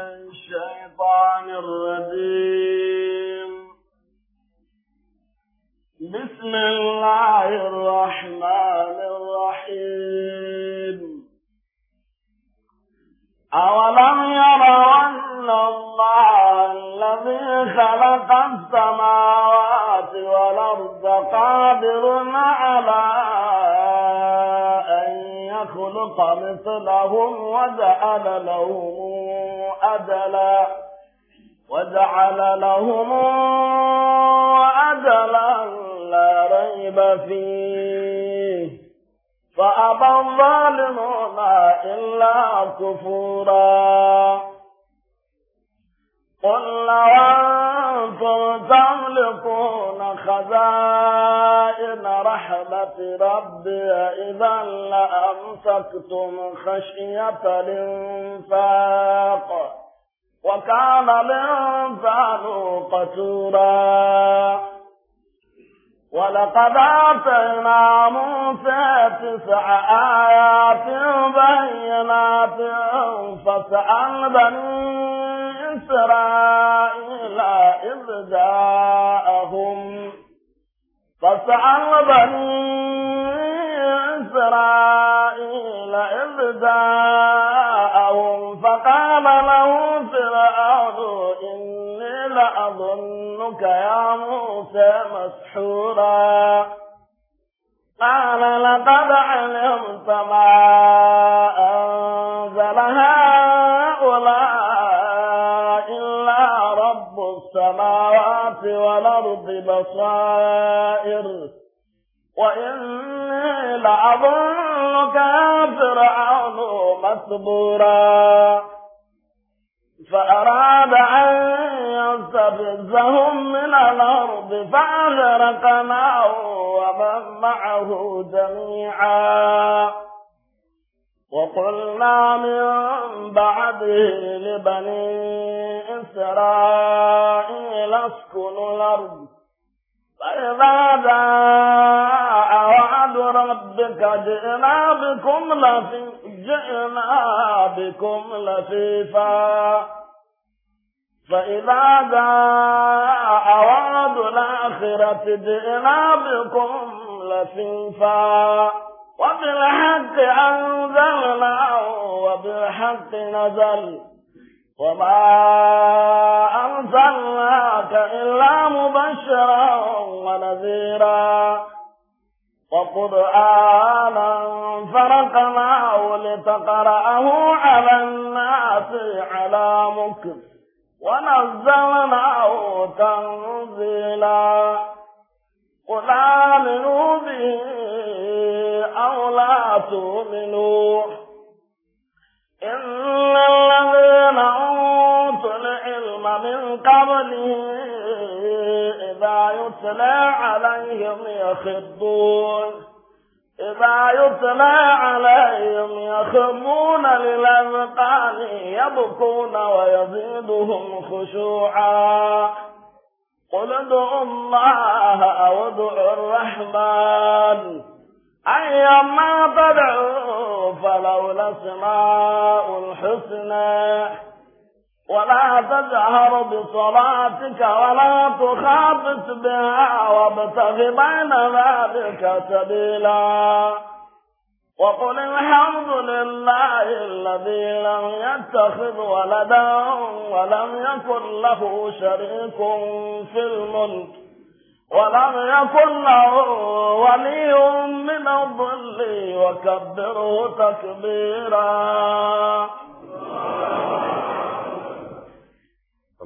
الشيطان الرجيم بسم الله الرحمن الرحيم أولم يروا أن الله الذي خلق السماوات والأرض قادر على أن يخلق مثلهم وجعل لهم عدلا وجعل لهم أجلا لا ريب فيه فأبى الظالمون إلا كفورا قل لو أنتم تملكون خزائن رحمة ربي إذا لأمسكتم خشية الإنفاق وكان الإنسان قتورا ولقد آتينا موسى تسع آيات بينات فسأل بني إسرائيل إذ جاءهم فسأل بني إسرائيل إذ جاءهم فقال له فرعون إني لأظنك يا موسى مسحورا قال لقد علمت ما أنزل هؤلاء إلا رب السماوات والأرض بصائر وإني لأظنك يا فرعون مثبورا فأراد أن يستفزهم من الأرض فأغرقناه ومن معه جميعا وقلنا من بعده لبني إسرائيل اسكنوا الأرض فإذا وعد ربك جئنا بكم لفي جئنا بكم لفيفا فإذا جاء وعد الآخرة جئنا بكم لفيفا وبالحق أنزلناه وبالحق نزل وما أرسلناك إلا مبشرا ونذيرا وقرآنا فرقناه لتقرأه على الناس على مكر ونزلناه تنزيلا قل آمنوا به أو لا تؤمنوا إن الذين من قبله إذا يتلى عليهم يخضون إذا يتلى عليهم يخضون للأذقان يبكون ويزيدهم خشوعا قل ادعوا الله أو ادعوا الرحمن أيما تدعوا فلولا اسماء الحسنى ولا تجهر بصلاتك ولا تخافت بها وابتغ بين ذلك سبيلا وقل الحمد لله الذي لم يتخذ ولدا ولم يكن له شريك في الملك ولم يكن له ولي من الظل وكبره تكبيرا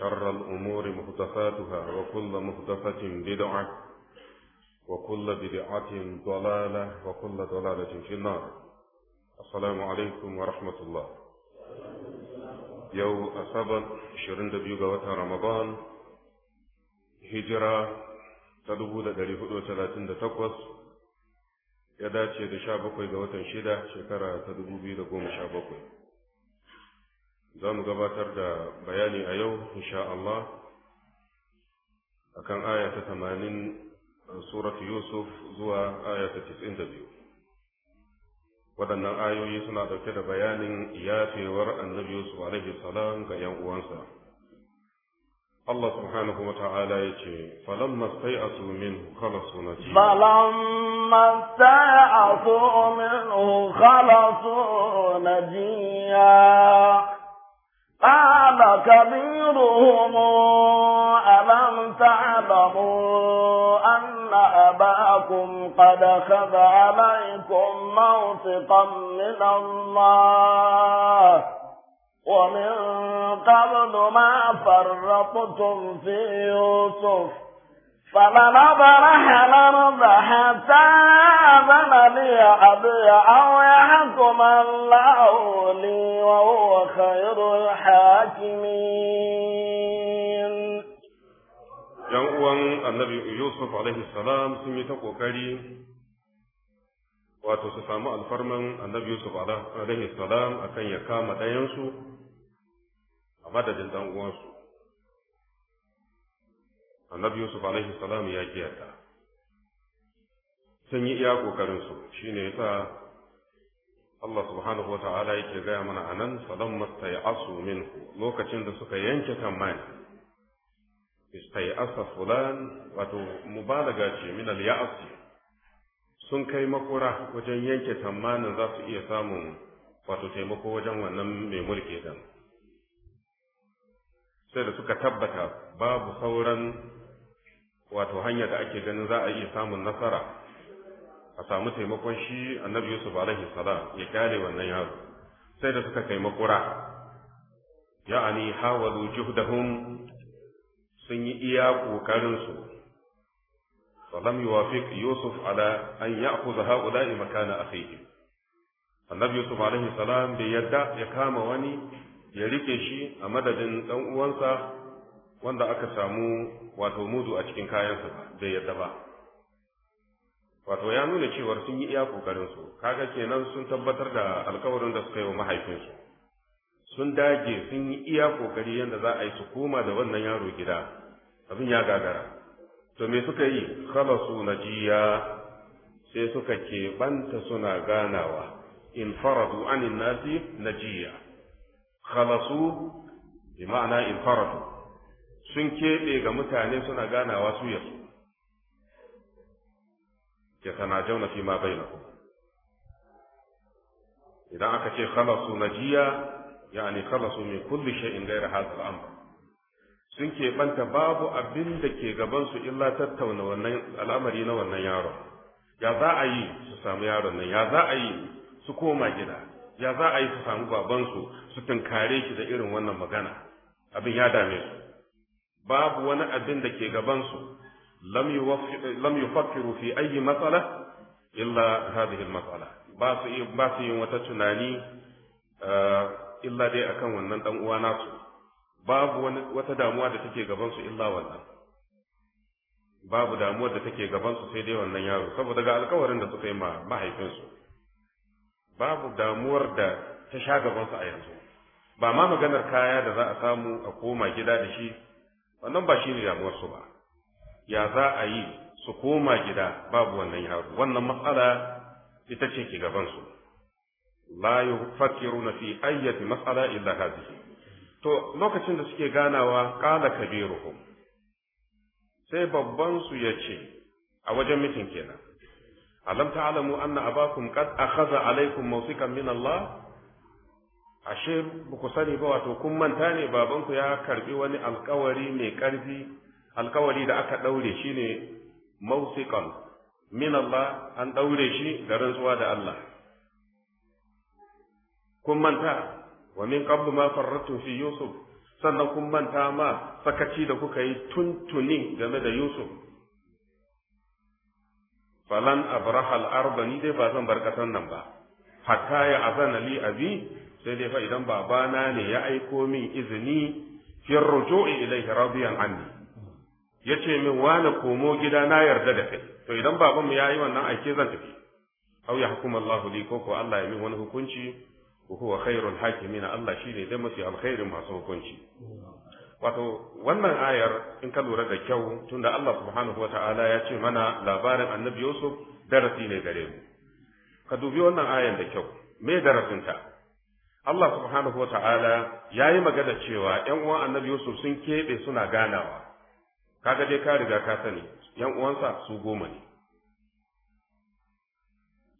وشر الأمور مهدفاتها وكل مهدفة بدعة وكل بدعة ضلالة وكل ضلالة في النار السلام عليكم ورحمة الله يو أصابت شرند بيوغا رمضان هجرة تدبو داري هدو ثلاثين تقوص يدات شهد دشابكوي غوة شدة شكرا تدبو بيوغا شابكوي za mu gabatar da bayani a yau insha Allah akan aya ta tamanin surat Yusuf zuwa aya ta tis'in da biyu waɗannan ayoyi suna ɗauke da bayanin yafewar annabi Yusuf alaihi salam ga ‘yan uwansa. Allah subhanahu wa ta'ala ya ce, Falon mastai a sumin kala suna Falon a kala suna قال كبيرهم ألم تعلموا أن أباكم قد خذ عليكم موثقا من الله ومن قبل ما فرقتم في يوسف فمن أبرح الأرض حتى أذن لي أبي أو يحكم الله لي وهو خير الحاكمين ‘Yan uwan annabi Yusuf alaihi sun yi ta ƙoƙari wato su samu alfarman annabi Yusuf alaihi salam akan ya kama ɗayansu a madadin ɗan uwansu. annabi yusuf alaihi salam ya kiyata sun yi iya kokarin su shine yasa Allah subhanahu wa ta'ala yake gaya mana anan salam mastai'asu minhu lokacin da suka yanke kamani istai'asa fulan wato mubalaga ce min al sun kai makura wajen yanke tamanin za su iya samun wato taimako wajen wannan mai mulki dan sai da suka tabbata babu sauran wato hanya da ake ganin za a iya samun nasara a samu taimakon shi annabi yusuf alaihi salam ya kare wannan yaro sai da suka kai makura ya'ani hawalu juhdahum sun yi iya kokarin su falam yuwafiq yusuf ala an ya'khudha ha'ula'i makana akhihi annabi yusuf alaihi salam bai yadda ya kama wani ya rike shi a madadin dan uwansa wanda aka samu wato mudu a cikin kayansa ba bai yadda ba wato ya nuna cewa sun yi iya kokarinsu kaga kenan sun tabbatar da alkawarin da suka yi wa mahaifinsu sun dage sun yi iya kokari yadda za a yi su koma da wannan yaro gida abin ya gagara to me suka yi khalasu najiya sai suka ke banta suna ganawa in faradu anin nasi najiya khalasu bi ma'ana in faradu sun keɓe ga mutane suna ganawa su yasu ya jauna fi ma bainahum idan aka ce khalasu najiya ani khalasu min kulli shay'in ghayra hadha al-amr sun keɓanta babu abin da ke gabansu illa tattauna wannan al'amari na wannan yaron ya za a yi su samu yaron nan ya za a yi su koma gida ya za a yi su samu babansu su tunkare shi da irin wannan magana abin ya dame su babu wani abin da ke gabansu lam yufakkiru fi ayi matsala illa hadhihi matsala ba su ba su yin wata tunani eh, illa dai akan wannan dan uwa nasu babu wani wata damuwa da take gabansu illa wannan babu damuwar da take gabansu sai dai wannan yaro saboda ga alkawarin da suka yi ma mahaifinsu babu damuwar da ta sha gabansu a yanzu ba ma maganar kaya da za a samu a koma gida da shi wannan ba shi damuwar su ba ya za a yi su koma gida babu wannan yaro wannan matsala ita ce ke gaban su la yufakkiruna fi ayyati matsala illa hadhihi to lokacin da suke ganawa qala kabiruhum sai babban su yace a wajen mitin kenan alam ta'lamu anna abakum qad akhadha alaykum mawsiqan min Allah ashe ba ku sani ba wato kun manta ne babanku ya karbi wani alkawari mai karfi alkawari da aka daure shi ne mausikan min Allah an daure shi da rantsuwa da Allah kun manta wa min qablu ma farratu fi yusuf sannan kun manta ma sakaci da kuka yi tuntuni game da yusuf falan Abrahal, al-arba ni dai ba zan bar nan ba hatta ya azana li abi sai dai fa idan babana ne ya aiko min izini fi ruju'i ilayhi radiyan anni yace min wani komo gida na yarda da kai to idan baban mu yayi wannan aike zan tafi aw yahkum Allah li ko ko Allah ya min wani hukunci wa huwa khairul hakimin Allah shine dai mafi alkhairin masu hukunci wato wannan ayar in ka lura da kyau tunda Allah subhanahu wata'ala ya ce mana labarin annabi Yusuf darasi ne gare mu ka dubi wannan ayar da kyau me darasinta Allah subhanahu wata'ala ya yi magana cewa ‘yan uwan annabi Yusuf sun keɓe suna ganawa, kaga dai ka riga ka sani, ‘yan uwansa su goma ne,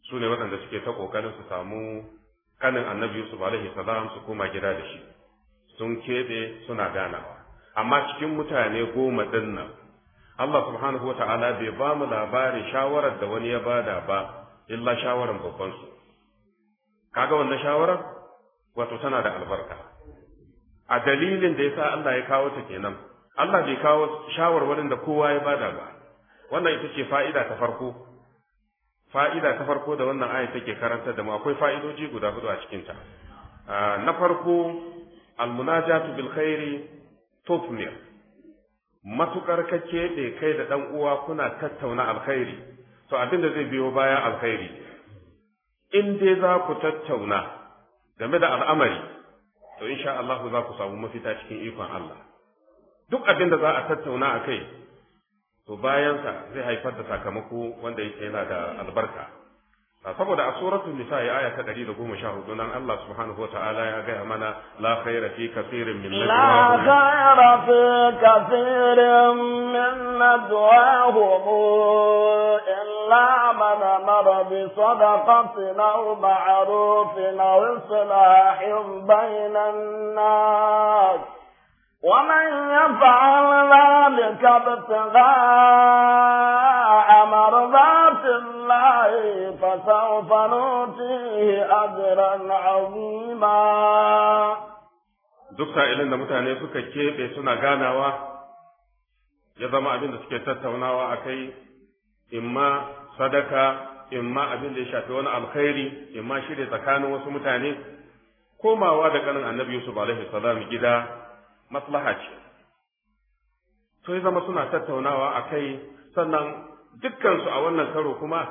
su ne waɗanda suke ta ƙoƙarin su samu kanin annabi Yusuf alaihi salam su koma gida da shi, sun keɓe suna ganawa. Amma cikin mutane goma ɗin nan, Allah subhanahu ta'ala bai ba mu labarin shawarar da wani ya bada ba, illa shawaran babbansu. Kaga wannan shawarar? wato tana da albarka a dalilin da ya sa Allah ya kawo ta kenan Allah bai kawo shawarwarin da kowa ya bada ba wannan ita ce fa'ida ta farko fa'ida ta farko da wannan aya take karanta da mu akwai fa'idoji guda hudu a cikin ta na farko almunajatu bil khairi tufmir matukar ka keɓe kai da ɗan uwa kuna tattauna alkhairi to abin da zai biyo baya alkhairi in dai za ku tattauna game da al'amari to insha Allah za ku samu mafita cikin ikon Allah duk abin da za a tattauna a kai to bayansa zai haifar da sakamako wanda yake yana da albarka saboda a suratul nisa'i aya ta 114 nan Allah subhanahu wata'ala ya gaya mana la khaira fi kathirin min la khaira fi kathirin min nadwahum illa man amara bi sadaqatin aw ma'rufin aw islahin bainan nas ومن يفعل ذلك ابتغاء مرضات الله فسوف أجرا عظيما duk sa'ilin da mutane suka keɓe suna ganawa ya zama abin da suke tattaunawa a kai in ma sadaka in ma abin da ya shafi wani alkhairi in ma shirya tsakanin wasu mutane komawa da ƙanin annabi yusuf alaihi salam gida maslaha ce to ya zama suna tattaunawa a kai sannan dukkansu a wannan karo kuma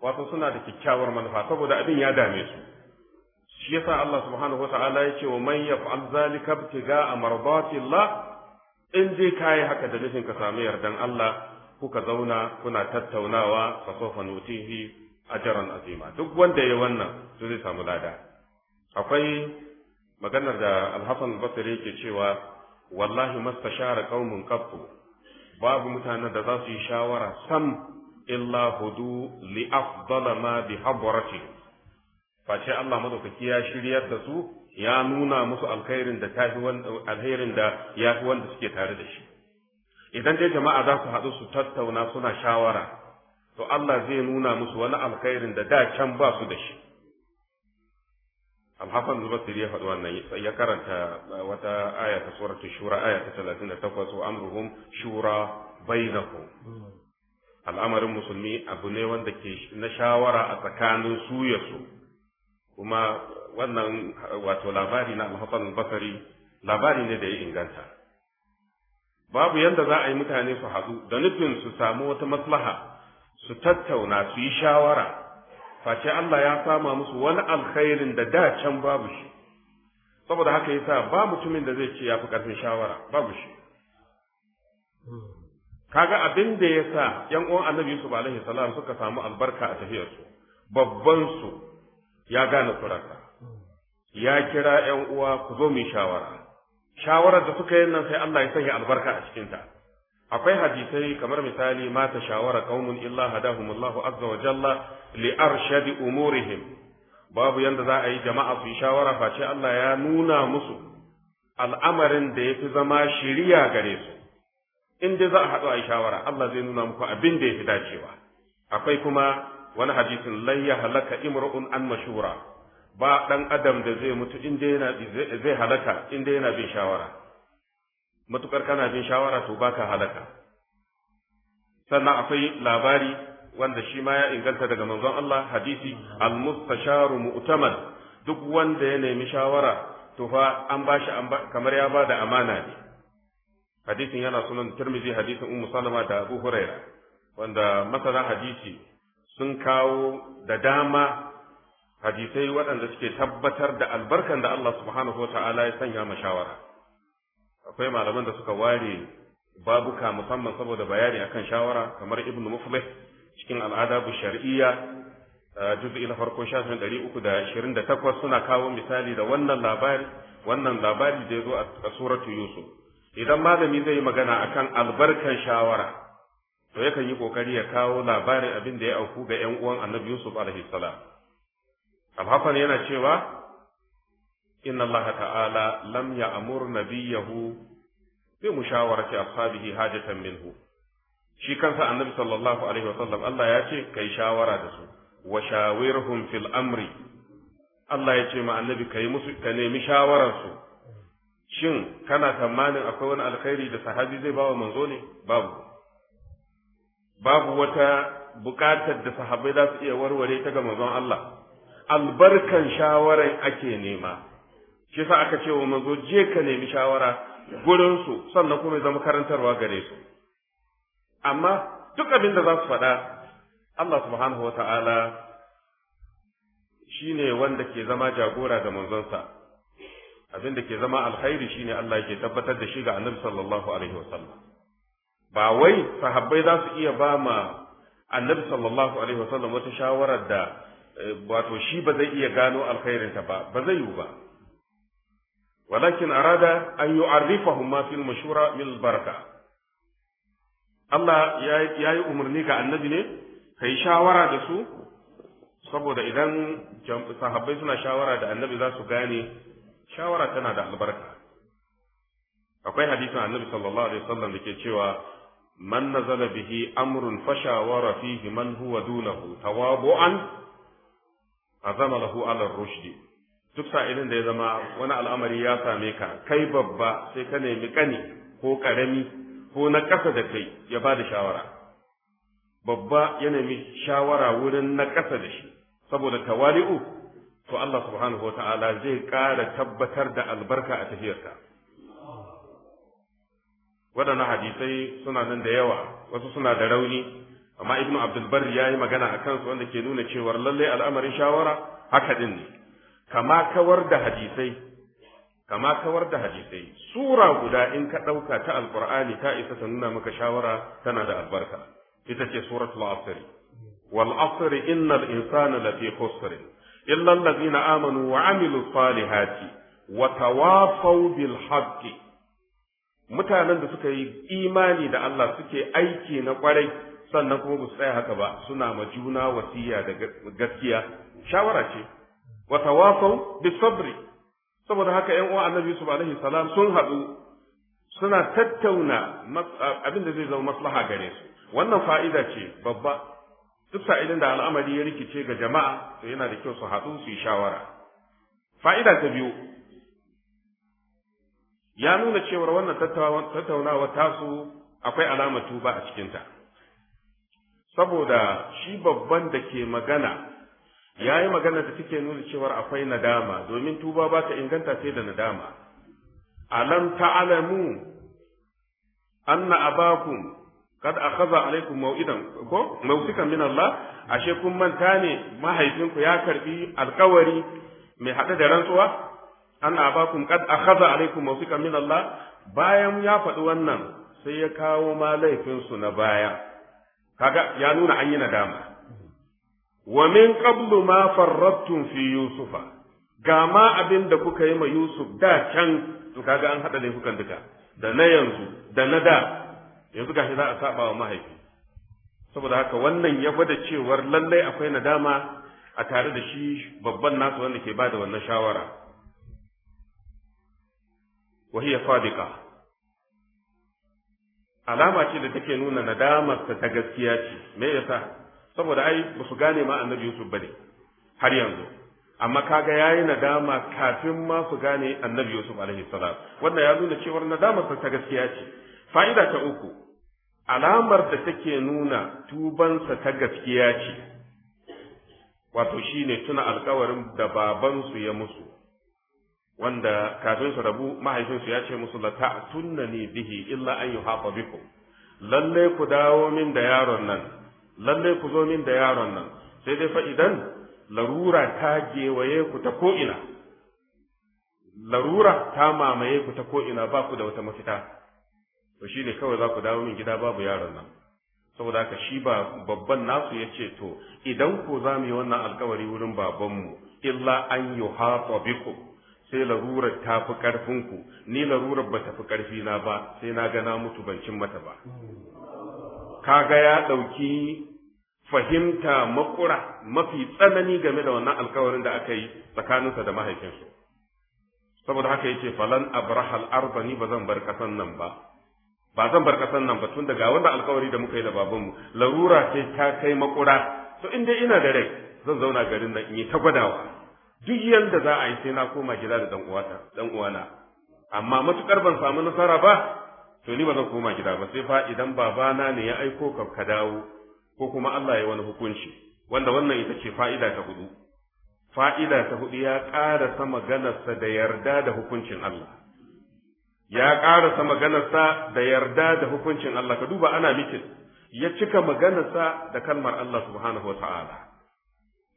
wato suna da kyakkyawar manufa saboda abin ya dame su shi yasa Allah subhanahu wa ta'ala ya ce wa man yaf'al zalika amradati Allah in dai kai haka da nufin ka samu yardan Allah kuka zauna kuna tattaunawa fa sofa nutihi ajran azima duk wanda yayi wannan to zai samu lada akwai maganar da Al-Hasan Basri yake cewa wallahi mastashara qaumun qattu babu mutanen da za su yi shawara sam illa hudu li afdala ma bi habrati face Allah madaukaki ya shiryar da su ya nuna musu alkhairin da tafi alkhairin da yafi wanda suke tare da shi idan dai jama'a za su haɗu su tattauna suna shawara to Allah zai nuna musu wani alkhairin da da can ba su da shi alhassan zubasir ya faɗi wannan ya karanta wata aya ta suratul shura aya ta 38 wa amruhum shura bainahum al'amarin musulmi abu ne wanda ke na shawara a tsakanin su ya su kuma wannan wato labari na alhassan basari labari ne da ya inganta babu yadda za a yi mutane su haɗu da nufin su samu wata maslaha su tattauna su yi shawara face Allah ya sama musu wani alkhairin da da can babu shi saboda haka yasa ba mutumin da zai ce ya fi karfin shawara babu shi kaga abin da ya sa ‘yan uwan annabi Yusuf alaihi salam suka samu albarka a tafiyarsu, babbansu ya gane kurarsa, ya kira ‘yan uwa ku zo mu shawara, shawarar da suka yi nan sai Allah ya sanya albarka a cikinta. akwai hadisai kamar misali mata ta shawara kaumun illa hadahumullahu azza wa jalla li arshadi umurihim babu yanda za a yi jama'a su shawara face Allah ya nuna musu al'amarin da yafi zama shiriya gare su in dai za a haɗu a shawara Allah zai nuna muku abin da yafi dacewa akwai kuma wani hadisin layya halaka imr'un an mashura ba dan adam da zai mutu in dai yana zai halaka in dai yana bin shawara matukar kana bin shawara to baka halaka sannan akwai labari wanda shi ma ya inganta daga manzon Allah hadisi al-mustasharu mu'tamad duk wanda ya nemi shawara to fa an bashi kamar ya bada amana ne hadisin yana sunan Tirmidhi hadisin Ummu Salama da Abu Huraira wanda masana hadisi sun kawo da dama hadisai waɗanda suke tabbatar da albarkan da Allah subhanahu wa ta'ala ya sanya mashawara shawara akwai malaman da suka ware babuka musamman saboda bayani akan shawara kamar ibnu muflih cikin al'adabu shar'iyya uh, juz'i na farko shafin ɗari uku da ashirin da takwas suna kawo misali da wannan labari wannan labari da ya zo a suratu yusuf idan malami zai yi magana akan albarkan shawara to yakan yi kokari ya kawo labarin abin da ya auku ga 'yan uwan annabi yusuf alaihi salam alhafan yana cewa inna allaha ta'ala lam ya'mur nabiyahu bi mushawarati ashabihi hajatan minhu shi kansa annabi sallallahu alaihi wasallam Allah ya ce kai shawara da su wa shawirhum fil amri Allah ya ce ma annabi kai musu ka nemi shawaran shin kana tsammanin akwai wani alkhairi da sahabi zai bawa manzo ne babu babu wata bukatar da sahabbai za su iya warware ta ga manzon Allah albarkan shawarar ake nema shi yasa aka ce wa manzo je ka nemi shawara gurin su sannan kuma zama karantarwa gare su amma duk abin da za su faɗa Allah subhanahu wata'ala shine wanda ke zama jagora ga manzonsa abin da ke zama alkhairi shine Allah yake tabbatar da shi ga Annabi sallallahu alaihi wasallam ba wai sahabbai za su iya ba ma Annabi sallallahu alaihi wasallam wata shawarar da eh, wato shi ba zai iya gano alkhairinta ba ba zai yiwu ba walakin arada an yu'arrifahum ma fil mashura min baraka Allah ya yi umarni ga annabi ne ka shawara da su saboda idan sahabbai suna shawara da annabi za su gane shawara tana da albarka akwai hadisin annabi sallallahu alaihi wasallam da ke cewa man nazala bihi amrun fashawara fihi man huwa dunahu tawabu'an azama lahu ala rushdi duk sa'ilin da ya zama wani al'amari ya same ka kai babba sai ka nemi kani ko karami ko na ƙasa da kai ya ba da shawara babba ya nemi shawara wurin na ƙasa da shi saboda tawali'u to Allah subhanahu wa ta'ala zai ƙara tabbatar da albarka a tafiyarka waɗannan hadisai suna nan da yawa wasu suna da rauni amma ibnu abdul barri ya yi magana a kansu wanda ke nuna cewa lallai al'amarin shawara haka din ne kama kawar da hadisai kama kawar da hadisai sura guda in ka ɗauka ta alƙur'ani ta isa ta nuna maka shawara tana da albarka ita ce suratul asr wal asr innal insana lafi khusr illa alladhina amanu wa amilu salihati wa tawafaw bil haqqi mutanen da suka yi imani da Allah suke aiki na kwarai sannan kuma ba su tsaya haka ba suna ma juna wasiya da gaskiya shawara ce wa tawasaw sabri saboda haka ƴan uwa annabi yusuf alaihi salam sun haɗu suna tattauna abin da zai zama maslaha gare su wannan fa'ida ce babba duk sa'ilin da al'amari ya rikice ga jama'a to yana da kyau su haɗu su yi shawara fa'ida ta biyu ya nuna cewar wannan tattaunawa su akwai alamatu ba a cikinta saboda shi babban da ke magana ya yi magana da take nuna cewar akwai nadama domin tuba ba ta inganta sai da nadama alam ta'lamu anna abakum kad akhadha alaykum maw'idan ko mawsikan min Allah ashe kun manta ne mahaifinku ya karbi alkawari mai hada da rantsuwa anna abakum kad akhadha alaykum mawsikan min Allah bayan ya faɗi wannan sai ya kawo ma laifinsu na baya kaga ya nuna an yi nadama wa min qablu ma farrattum fi yusufa gama ma abin da kuka yi ma yusuf da can to kaga an hada laifukan duka da na yanzu da na da yanzu gashi za a saba wa mahaifi saboda haka wannan ya gwada cewar lallai akwai nadama a tare da shi babban nasu wanda ke bada wannan shawara wa hiya sadiqa alama ce da take nuna nadamarsa ta gaskiya ce me yasa saboda ai ba su gane ma annabi yusuf bane har yanzu amma kaga yayi nadama kafin ma su gane annabi yusuf alaihi salam wannan ya nuna cewa nadamar ta gaskiya ce fa'ida ta uku alamar da take nuna tubansa ta gaskiya ce wato shine tuna alkawarin da babansu ya musu wanda kafin su rabu mahaifinsu ya ce musu la ta'tunna ni bihi illa an yuhafa bikum lalle ku dawo min da yaron nan lalle ku zo min da yaron nan sai dai fa idan larura ta gewaye ku ta ko'ina larura ta mamaye ku ta ko'ina ba ku da wata mafita to shi ne kawai za ku dawo min gida babu yaron nan saboda haka shi ba babban nasu ya ce to idan ko za mu yi wannan alkawari wurin babanmu illa an yi hafa biku sai larurar ta fi ƙarfinku ni larurar ba ta fi na ba sai na gana mutu ban cin mata ba kaga ya ɗauki fahimta makura mafi tsanani game da wannan alkawarin da aka yi tsakaninsa da mahaifinsu saboda haka yake falan abrahal arba ni ba zan bar nan ba ba zan bar kasan nan ba tun daga wanda alkawari da muka yi da babanmu larura ce ta kai makura to in dai ina da rai zan zauna garin nan in yi ta gwadawa duk yanda za a yi sai na koma gida da dan uwana amma matukar ban samu nasara ba to ni ba zan koma gida ba sai fa idan babana ne ya aiko ka ka dawo ko kuma Allah ya wani hukunci wanda wannan ita ce fa'ida ta hudu fa'ida ta hudu ya ƙara maganarsa da yarda da hukuncin Allah ya ƙara maganarsa da yarda da hukuncin Allah ka duba ana mitin ya cika maganarsa da kalmar Allah subhanahu wa ta'ala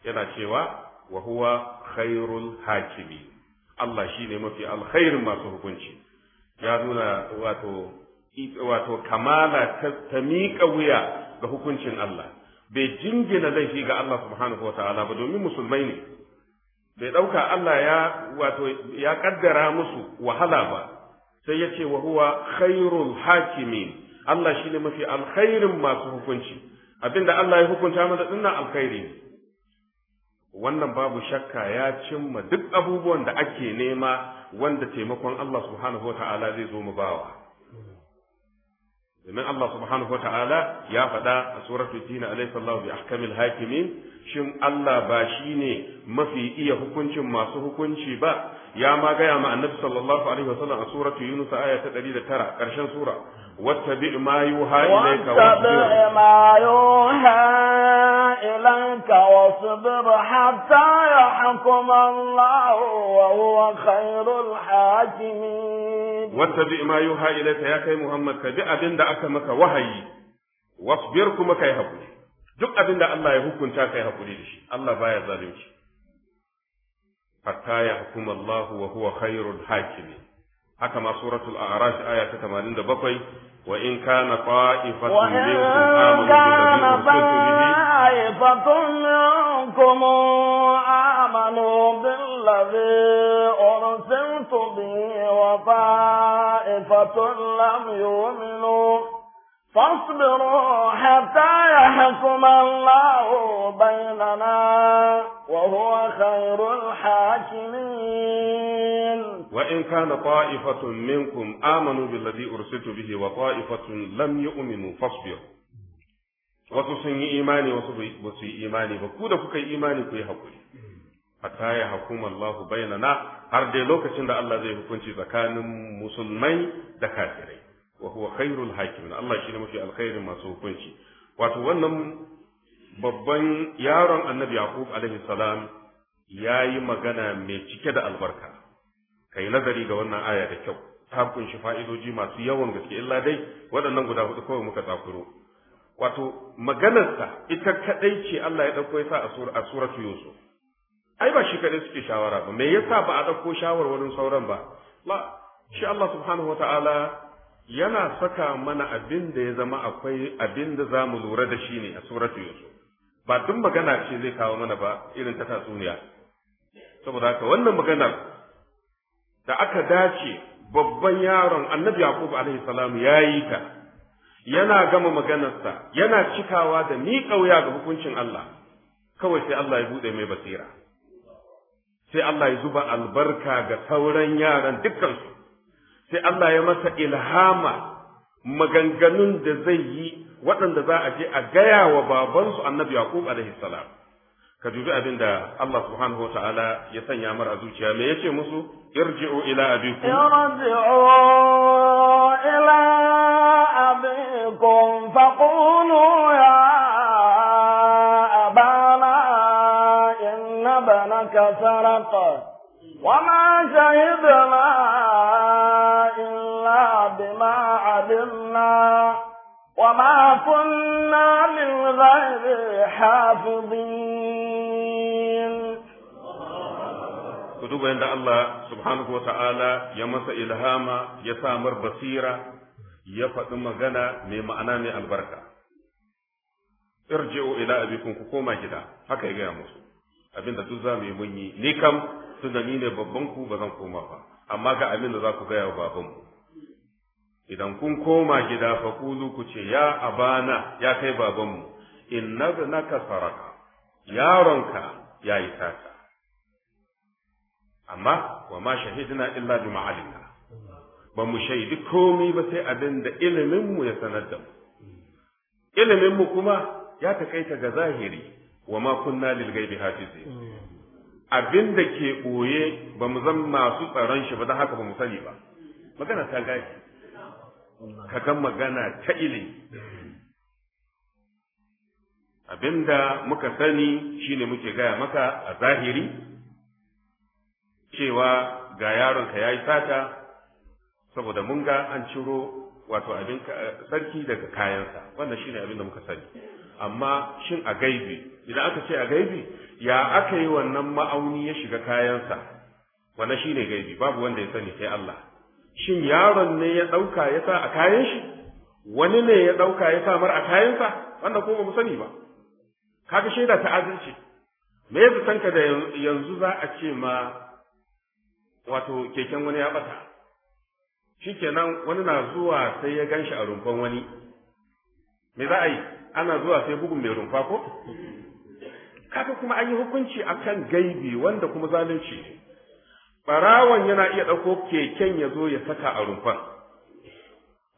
yana cewa wa huwa khairul hakimi Allah shine mafi alkhairin masu hukunci ya nuna wato wato kamala ta miƙa wuya ga hukuncin Allah bai jingina laifi ga Allah subhanahu wa ta'ala ba domin musulmai ne bai ɗauka Allah ya wato ya kaddara musu wahala ba sai ya ce wa huwa khairul hakimin Allah ne mafi alkhairin masu hukunci abinda Allah ya hukunta mana dinnan alkhairi ne wannan babu shakka ya cimma duk abubuwan da ake nema wanda taimakon Allah subhanahu ta'ala zai zo mu bawa domin Allah subhanahu ta'ala ya faɗa a suratul jin alayhi sallahu bi ahkamil hakimin shin Allah ba shi ne mafi iya hukuncin masu hukunci ba ya ma gaya ma annabi sallallahu alaihi wasallam a suratul yunus aya ta ɗari da tara, karshen sura واتبع ما يوحى إليك واتبع ما يوحى إليك واصبر حتى يحكم الله وهو خير الحاكمين واتبع ما يوحى إليك يا كي محمد كبع أبن دعك مك وهي واصبر كما كي هبولي duk abin da Allah ya hukunta kai hakuri da shi Allah baya zalunci hatta ya hukuma Allah wa huwa khairul hakimin haka ma suratul a'raf aya ta 87 wa in kana qa'ifatun minkum amanu billazi ursiltu bihi wa qa'ifatun lam yu'minu فاصبروا حتى يحكم الله بيننا وهو خير الحاكمين in kana ta'ifatun minkum amanu billadhi ursitu bihi wa ta'ifatun lam yu'minu fasbir wasu sun yi imani wasu ba su yi imani ba ku da kuka yi imani ku yi hakuri hatta ya hukuma Allahu bainana har dai lokacin da Allah zai hukunci tsakanin musulmai da kafirai wa huwa khairul hakimin Allah shi ne mafi alkhairin masu hukunci wato wannan babban yaron annabi yaqub alaihi salam ya yi magana mai cike da albarka ka nazari ga wannan aya da kyau ta kunshi fa'idoji masu yawan gaske illa dai waɗannan guda hudu kawai muka tsakuro wato maganarsa ita kaɗai ce Allah ya ɗauko ya sa a suratu Yusuf ai ba shi kaɗai suke shawara ba me yasa ba a ɗauko shawarwarin sauran ba la shi Allah subhanahu wataala yana saka mana abin da ya zama akwai abin da za mu lura da shi ne a suratu Yusuf ba duk magana ce zai kawo mana ba irin ta tatsuniya saboda haka wannan maganar da aka dace babban yaron annabi yaqub alaihi salam yayi ta yana gama maganarsa yana cikawa da ni kauya ga hukuncin Allah kawai sai Allah ya bude mai basira sai Allah ya zuba albarka ga sauran yaran su sai Allah ya masa ilhama maganganun da zai yi waɗanda za a je a gaya wa babansu annabi yaqub alaihi salam ka dubi abin da Allah subhanahu wa ta'ala ya sanya mara a zuciya me yace musu irji'u ila abikum irji'u ila abikum faqulu ya abana inna banaka sarqa wama shahidna illa bima alimna وما كنا للغير حافظين ku duba yadda Allah subhanahu wa ta'ala ya masa ilhama ya samar basira ya faɗi magana mai ma'ana mai albarka irji'u ila abikum ku koma gida haka ya gaya musu abinda duk za mu yi mun yi ni kam Tun da ni ne babban ku ba zan koma ba amma ga abin da za ku gaya wa ku. idan kun koma gida fa kulu ku ce ya abana ya kai babanmu na naka saraka yaronka ya yi tasa. amma wa ma shahidna illa bi alimna ba mu shaidi komai ba sai abin da ilimin mu ya sanar da mu ilimin mu kuma ya takaita ga zahiri wa ma kunna lil ghaibi hafizin abin ke boye ba mu zan masu tsaron shi ba dan haka ba mu sani ba magana ta gaji ka ga magana ta ilimi abinda muka sani shine muke gaya maka a zahiri cewa ga yaronka ya yi sata saboda mun ga an ciro wato abin eh, sarki daga kayansa wannan shine abin da muka sani amma shin a gaibi idan aka ce a gaibi ya aka yi wannan ma'auni ya shiga kayansa wannan shine gaibi babu wanda ya sani sai Allah shin yaron ne ya ɗauka ya sa a kayan shi wani ne ya ɗauka ya sa mar a kayansa wannan kuma mu sani ba kaga shaida ta adalci me yasa tanka da yanzu za a ce ma wato keken wani ya bata shikenan wani na zuwa sai ya ganshi a rumfan wani me za a yi ana zuwa sai bugun mai rumfa ko kaga kuma an yi hukunci kan gaibi wanda kuma zalunci ne barawan yana iya ɗauko keken ya zo ya saka a rumfan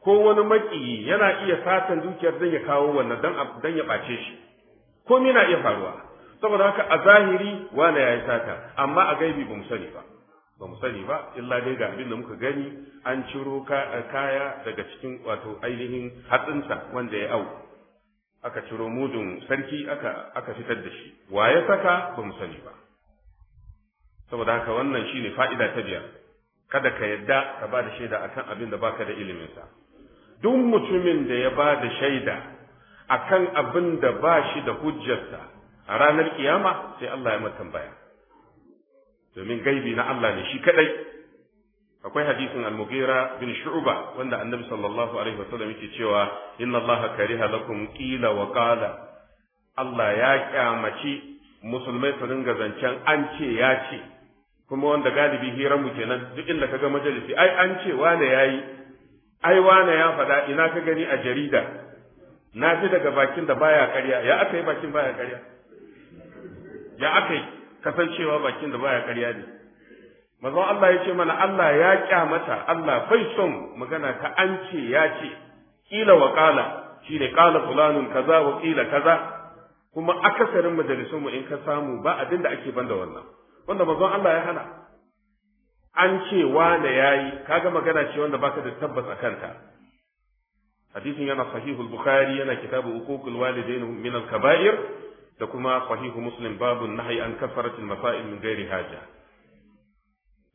ko wani maƙiyi yana iya satan dukiyar zan ya kawo wannan dan ya ɓace shi ko na iya faruwa saboda haka a zahiri wane ya yi sata amma a gaibi ba mu sani ba ba mu sani ba illa dai ga abin da muka gani an ciro eh, kaya daga cikin wato ainihin hatsinsa wanda ya au aka ciro mudun sarki aka aka fitar da shi wa ya saka ba mu sani ba saboda haka wannan shine fa'ida ta biyar kada ka yadda ka ba da shaida akan abin da baka da iliminsa duk mutumin da ya ba da shaida akan abin da ba shi da hujjarsa a ranar kiyama sai Allah ya tambaya domin gaibi na Allah ne shi kadai akwai hadisin al-mughira bin shu'ba wanda annabi sallallahu alaihi wasallam yake cewa inna allaha kariha lakum qila wa qala Allah ya kyamaci musulmai su ringa zancen an ce ya ce kuma wanda galibi hiran mu kenan duk inda kaga majalisi ai an ce wane yayi ai wane ya faɗa ina ka gani a jarida na fi daga bakin da baya ƙarya ya aka yi bakin baya ƙarya ya aka yi cewa bakin da baya ƙarya ne mazan Allah ya ce mana Allah ya kyamata Allah bai son magana ta an ce ya ce ƙila wa ƙala, shi ne ƙala fulanun kaza wa kaza kuma akasarin majalisun mu in ka samu ba abin da ake banda wannan wanda mazan Allah ya hana an ce wane yi kaga magana ce wanda baka da tabbas a kanta hadisin yana sahihul bukhari yana kitabu uququl walidain min al kaba'ir da kuma sahihu muslim babu nahyi an kafaratil masa'il min ghairi haja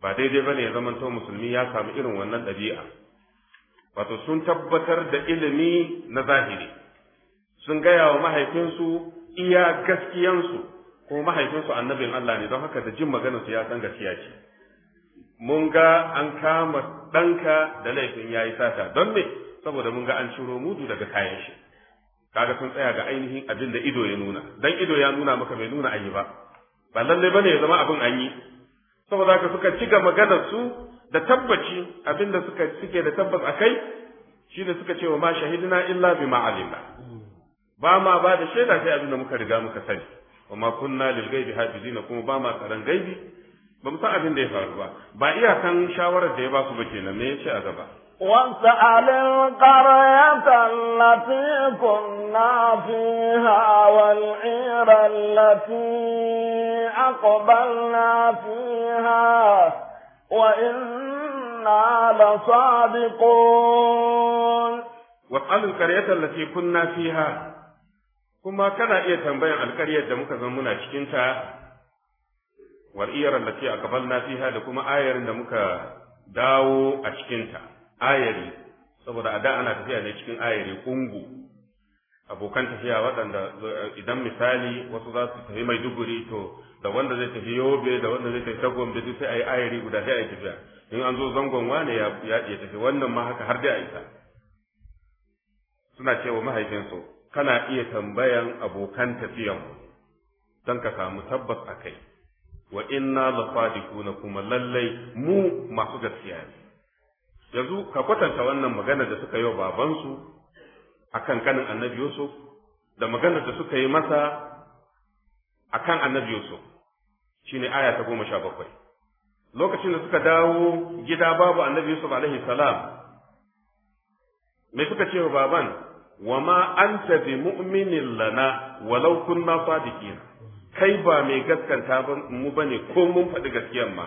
ba daidai bane ya zamanto musulmi ya samu irin wannan dabi'a wato sun tabbatar da ilimi na zahiri sun gaya wa mahaifinsu iya gaskiyansu ko mahaifinsu annabin Allah ne don haka da jin maganarsu ya san gaskiya ce mun ga an kama ɗanka da laifin yayi sata don me saboda mun ga an ciro mudu daga kayan shi kaga sun tsaya ga ainihin abin da ido ya nuna dan ido ya nuna maka bai nuna ayi ba ba lalle bane ya zama abin an yi saboda haka suka ci ga su da tabbaci abin da suka suke da tabbas akai shine suka ce wa ma shahidina illa bima alimna ba ma ba da shaida sai abin da muka riga muka sani wa ma kunna lil ghaibi hafizina kuma ba ma karan gaibi ba mu san abin da ya faru ba ba iyakan shawarar da ya ba ku ba kenan me yace a gaba واسأل القرية التي كنا فيها والعير التي أقبلنا فيها وإنا لصادقون واسأل القرية التي كنا فيها كما كان يتنبين القرية دمك زمنا شكنتا والعير التي أقبلنا فيها لكما آير دمك dawo a cikinta ayari saboda a da ana tafiya ne cikin ayari kungu abokan tafiya waɗanda eh, idan misali wasu za su tafi mai duguri to da wanda zai tafi yobe da wanda zai tafi tagon da sai a ayari guda sai a yi tafiya in an zo zangon wane ya ya tafi wannan ma haka har dai a isa suna cewa mahaifinsu kana iya tambayan abokan tafiyanmu don ka samu tabbas a kai wa inna la sadiquna kuma lallai mu masu gaskiya ne yanzu ka kwatanta wannan magana da suka yi wa babansu akan kanin annabi Yusuf da magana da suka yi masa akan annabi Yusuf shine aya ta goma sha bakwai lokacin da suka dawo gida babu annabi Yusuf alaihi salam mai suka ce wa baban wa ma anta bi mu'minin lana walau kunna sadiqina kai ba mai gaskanta ba mu bane ko mun faɗi gaskiyan ma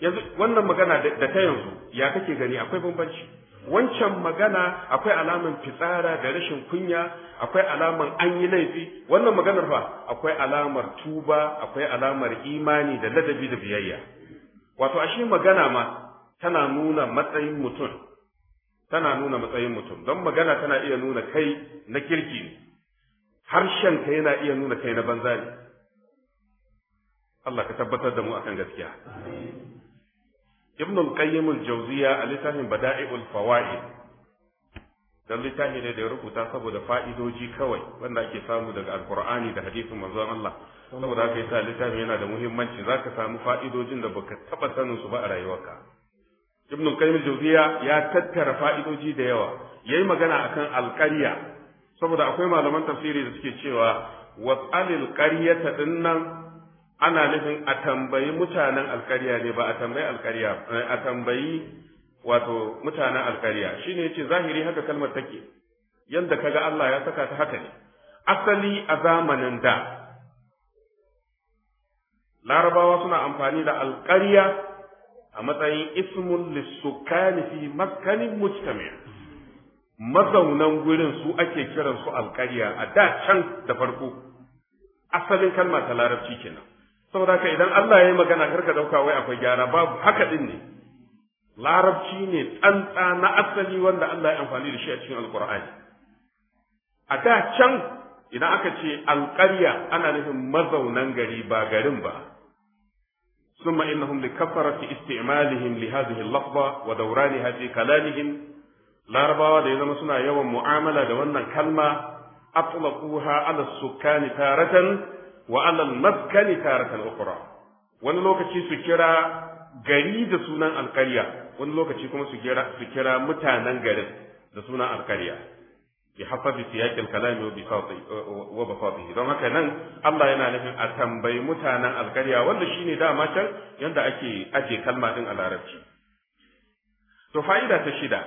yanzu wannan magana da ta yanzu ya kake gani akwai bambanci wancan magana akwai alamar fitsara da rashin kunya akwai alaman an yi laifi wannan maganar fa akwai alamar tuba akwai alamar imani da ladabi da biyayya wato ashe magana ma tana nuna matsayin mutum tana nuna matsayin mutum don magana tana iya nuna kai na kirki harshen ka yana iya nuna kai na banza ne Allah ka tabbatar da mu akan gaskiya Ibn al-Qayyim al-Jawziya a littafin Bada'i'ul Fawaid dan littafi ne da ya rubuta saboda fa'idoji kawai wanda ake samu daga al Alkur'ani da hadisin manzon Allah saboda haka yasa littafin yana da muhimmanci zaka samu fa'idojin da baka taba sanin su ba a rayuwarka Ibn al-Qayyim al-Jawziya ya tattara fa'idoji da yawa yayi magana akan al-qarya saboda akwai malaman tafsiri da suke cewa was'alil qaryata dinnan ana nufin a tambayi mutanen alkariya ne ba a tambayi alkariya eh, a tambayi wato mutanen alkarya shine yace zahiri haka kalmar take yanda kaga Allah ya saka ta haka ne asali a zamanin da larabawa suna amfani da alkarya a matsayin ismun lissukani fi makanin mujtami mazaunan gurin su ake kiran su alkarya a da can da farko asalin kalma ta larabci kenan saboda haka idan Allah ya yi magana karka dauka wai akwai gyara babu haka din ne larabci ne tsantsa na asali wanda Allah ya amfani da shi a cikin alkur'ani a da can idan aka ce alƙarya ana nufin mazaunan gari ba garin ba ثم إنهم لكثرة استعمالهم لهذه اللفظة ودورانها في كلامهم لا ربا da ya zama suna yawan mu'amala da wannan kalma atlaquha ala sukani taratan wa alal maskani taratan ukhra wani lokaci su kira gari da sunan alkarya wani lokaci kuma su kira su kira mutanen garin da sunan alkarya bi hasabi siyaqil kalami wa bisati wa basatihi don haka nan Allah yana nufin a tambayi mutanen alkarya wanda shine dama can yanda ake aje kalma din a larabci to fa'ida ta shida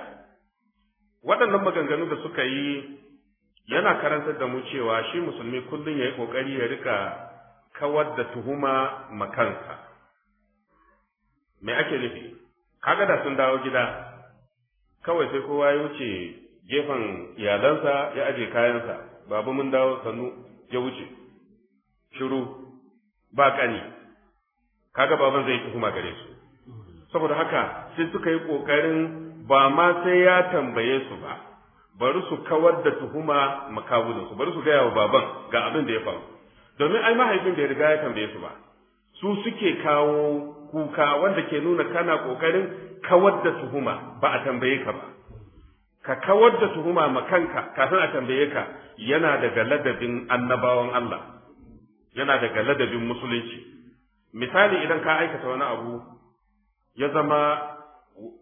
waɗannan maganganu da suka yi yana karantar da mu cewa shi musulmi kullum ya yi ƙoƙari ya rika kawar da tuhuma makansa. Me ake nufi? Kaga da sun dawo gida, kawai sai kowa ya wuce gefen iyalansa ya aje kayansa, babu mun dawo sannu ya wuce, shiru ba ƙani, kaga baban zai tuhuma gare su. Saboda haka sai suka yi ƙoƙarin ba ma sai ya tambaye su ba. bari su kawar da tuhuma makawunan su bari su gaya wa baban ga abin da ya faru domin ai mahaifin ya riga ya tambaye su ba su suke kawo kuka wanda ke nuna kana kokarin kawar da tuhuma ba a tambaye ka ba ka kawar da tuhuma ma kanka kafin a tambaye ka yana daga ladabin annabawan Allah yana daga ladabin musulunci misali idan ka aikata wani abu ya zama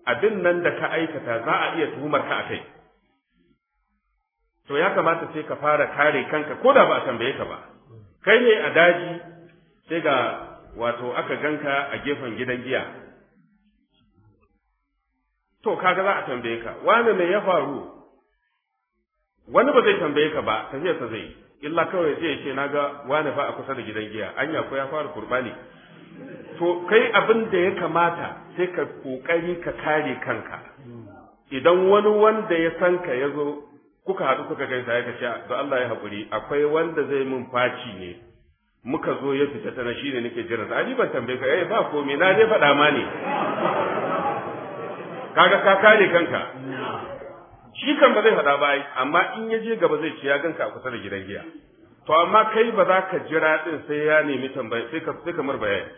abin nan da ka aikata za a iya tuhumar ka a kai to ya kamata sai ka fara kare kanka ko da ba a tambaye ka ba kai ne a daji sai ga wato aka ganka a gefen gidan giya to kaga za a tambaye ka wani me ya faru wani ba zai tambaye ka ba tafiyarsa zai illa kawai zai ce na ga wani ba a kusa da gidan giya anya ko ya fara kurbani to kai abin da ya kamata sai ka kokari ka kare kanka idan wani wanda ya san ka ya zo kuka haɗu kuka gaisa ya ce to Allah ya haƙuri akwai wanda zai mun faci ne muka zo ya fita tana shi ne nake jiran ani ban tambaye ka eh ba komai na ne faɗa ma ne kaga ka kare kanka shi kan ba zai faɗa ba amma in ya je gaba zai ci ya ganka a kusa da gidan giya to amma kai ba za ka jira din sai ya nemi tambaye sai ka sai kamar bayani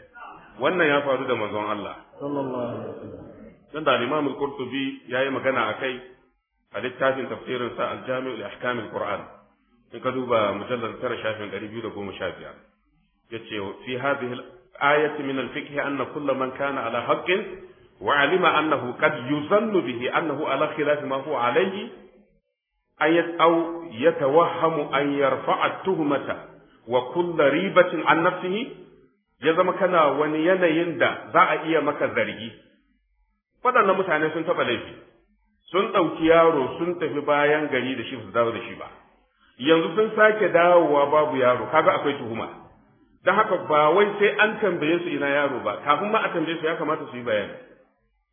wannan ya faru da manzon Allah sallallahu alaihi wasallam dan da Imam Al-Qurtubi yayi magana akai a littafin tafsirin sa al-jami'u li ahkamil qur'an in ka duba mujallar tara shafin 215 yace fi hadhihi al-ayati min al-fiqh anna kullu man kana ala haqqin wa alima annahu qad yuzannu bihi annahu ala khilafi ma huwa alayhi ayat aw yatawahhamu an yarfa'a tuhmata wa kullu ribatin an nafsihi ya zama kana wani yanayin da za a iya maka zargi waɗannan mutane sun taɓa laifi sun ɗauki yaro sun tafi bayan gari da shi su dawo da shi ba yanzu sun sake dawowa babu yaro kaga akwai tuhuma don haka ba wai sai an tambaye su ina yaro ba kafin ma a tambaye su ya kamata su yi bayani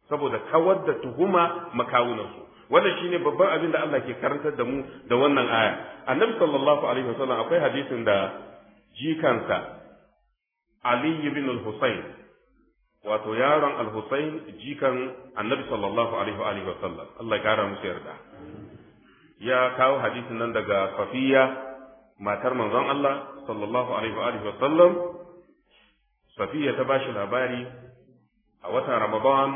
saboda kawar da tuhuma makawunansu wannan shine babban abin da Allah ke karantar da mu da wannan aya annabi sallallahu alaihi wasallam akwai hadisin da jikansa Ali ibn al-Husayn wato yaron al-Husayn jikan Annabi sallallahu alaihi wa alihi wa sallam Allah ya kara musu yarda ya kawo hadisin nan daga Safiya matar manzon Allah sallallahu alaihi wa alihi wa sallam Safiya ta bashi labari a watan Ramadan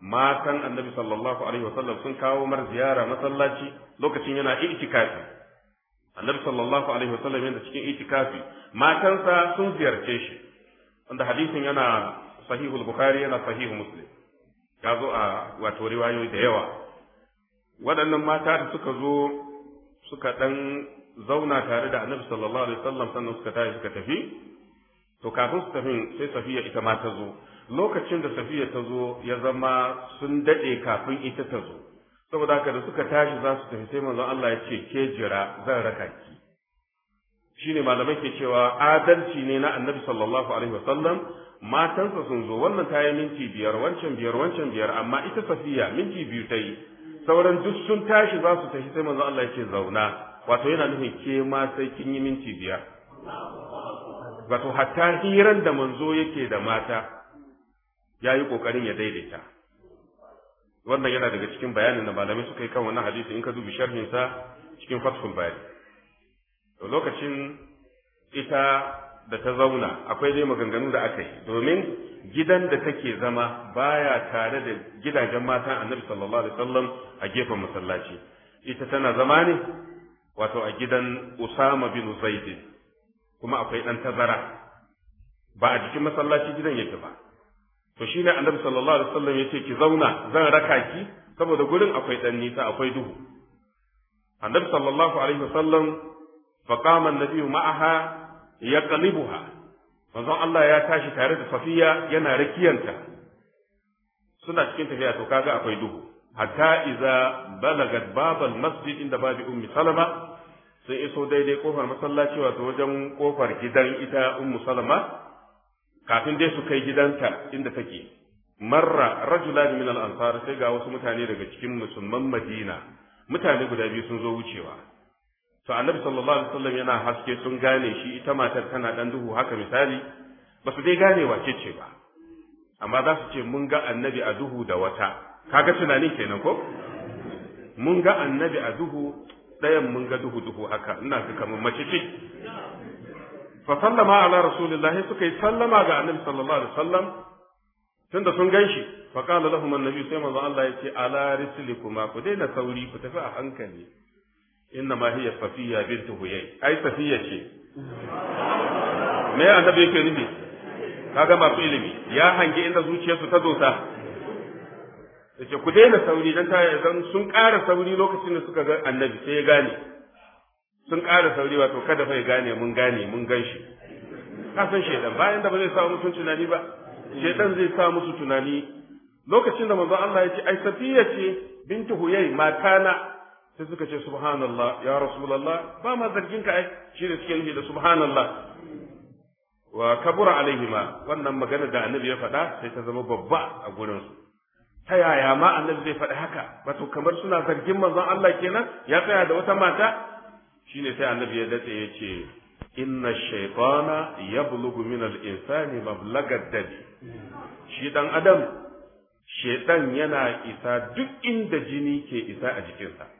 matan Annabi sallallahu alaihi wa sallam sun kawo mar ziyara masallaci lokacin yana itikafi annabi sallallahu alaihi wa sallam yana cikin itikafi matansa sun ziyarce shi wanda hadisin yana sahihul bukhari yana sahihu muslim ya zo a wato riwayoyi da yawa waɗannan mata da suka zo suka ɗan zauna tare da annabi sallallahu alaihi wasallam sannan suka tashi suka tafi to kafin su tafi sai safiya ita ma ta zo lokacin da safiya ta zo ya zama sun daɗe kafin ita ta zo saboda haka da suka tashi za su tafi sai manzon Allah ya ce ke jira zan raka ki shine malamai ke cewa adalci ne na annabi sallallahu alaihi wasallam matansa sun zo wannan ta yi minti biyar wancan biyar wancan biyar amma ita safiya minti biyu ta yi sauran duk sun tashi za su tafi sai manzo Allah ya zauna wato yana nufin ke ma sai kin yi minti biyar wato hatta hiran da manzo yake da mata ya yi kokarin ya daidaita wannan yana daga cikin bayanin da malamai suka yi kan wannan hadisi in ka dubi sharhinsa cikin fathul bari lokacin ita da ta zauna akwai dai maganganu da aka yi domin gidan da take zama baya tare da gidajen mata annabi sallallahu alaihi wasallam a gefen masallaci ita tana zama ne wato a gidan Usama bin Zaid kuma akwai dan tazara ba a cikin masallaci gidan yake ba to shine annabi sallallahu alaihi wasallam yace ki zauna zan raka ki saboda gurin akwai dan nisa akwai duhu annabi sallallahu alaihi wasallam فقام annabi ma'aha ya kalibuha manzon Allah ya tashi tare da Safiya yana rakiyanta suna cikin tafiya to kaga akwai duhu hatta iza balagat babal masjid inda babi ummi salama sai iso daidai kofar masallaci wato wajen kofar gidan ita ummu salama kafin dai su kai gidanta inda take marra rajulan min al ansar sai ga wasu mutane daga cikin musulman madina mutane guda biyu sun zo wucewa to annabi sallallahu alaihi wasallam yana haske sun gane shi ita matar tana dan duhu haka misali ba su dai gane wace ce ba amma za su ce mun ga annabi a duhu da wata kaga tunanin kenan ko mun ga annabi a duhu ɗayan mun ga duhu duhu haka ina ga kamar mace ce fa sallama ala rasulillahi suka yi sallama ga annabi sallallahu alaihi wasallam tunda sun ganshi fa qala lahum annabi sai manzo Allah ya ce ala rislikuma ku daina sauri ku tafi a hankali inna ma hiya safiya bint huyay ai safiya ce me annabi yake nufi kaga masu ilimi ya hange inda zuciyarsu ta dosa yace ku daina sauri dan ta dan sun ƙara sauri lokacin da suka ga annabi sai ya gane sun ƙara sauri wato kada fa ya gane mun gane mun gan shi ka san shedan bayan da ba zai sa musu tunani ba shedan zai sa musu tunani lokacin da manzo Allah ya ce ai safiya ce binti huyai mata na sai suka ce subhanallah ya rasulullah ba ma zargin ka ai shi da suke nufi da subhanallah wa kabura alaihima wannan magana da annabi ya faɗa sai ta zama babba a gurin su ta yaya ma annabi zai faɗi haka wato kamar suna zargin manzon Allah kenan ya tsaya da wata mata shine sai annabi ya datse ya ce inna shaytana yablughu min al-insani mablagad dabi shi dan adam shedan yana isa duk inda jini ke isa a jikinsa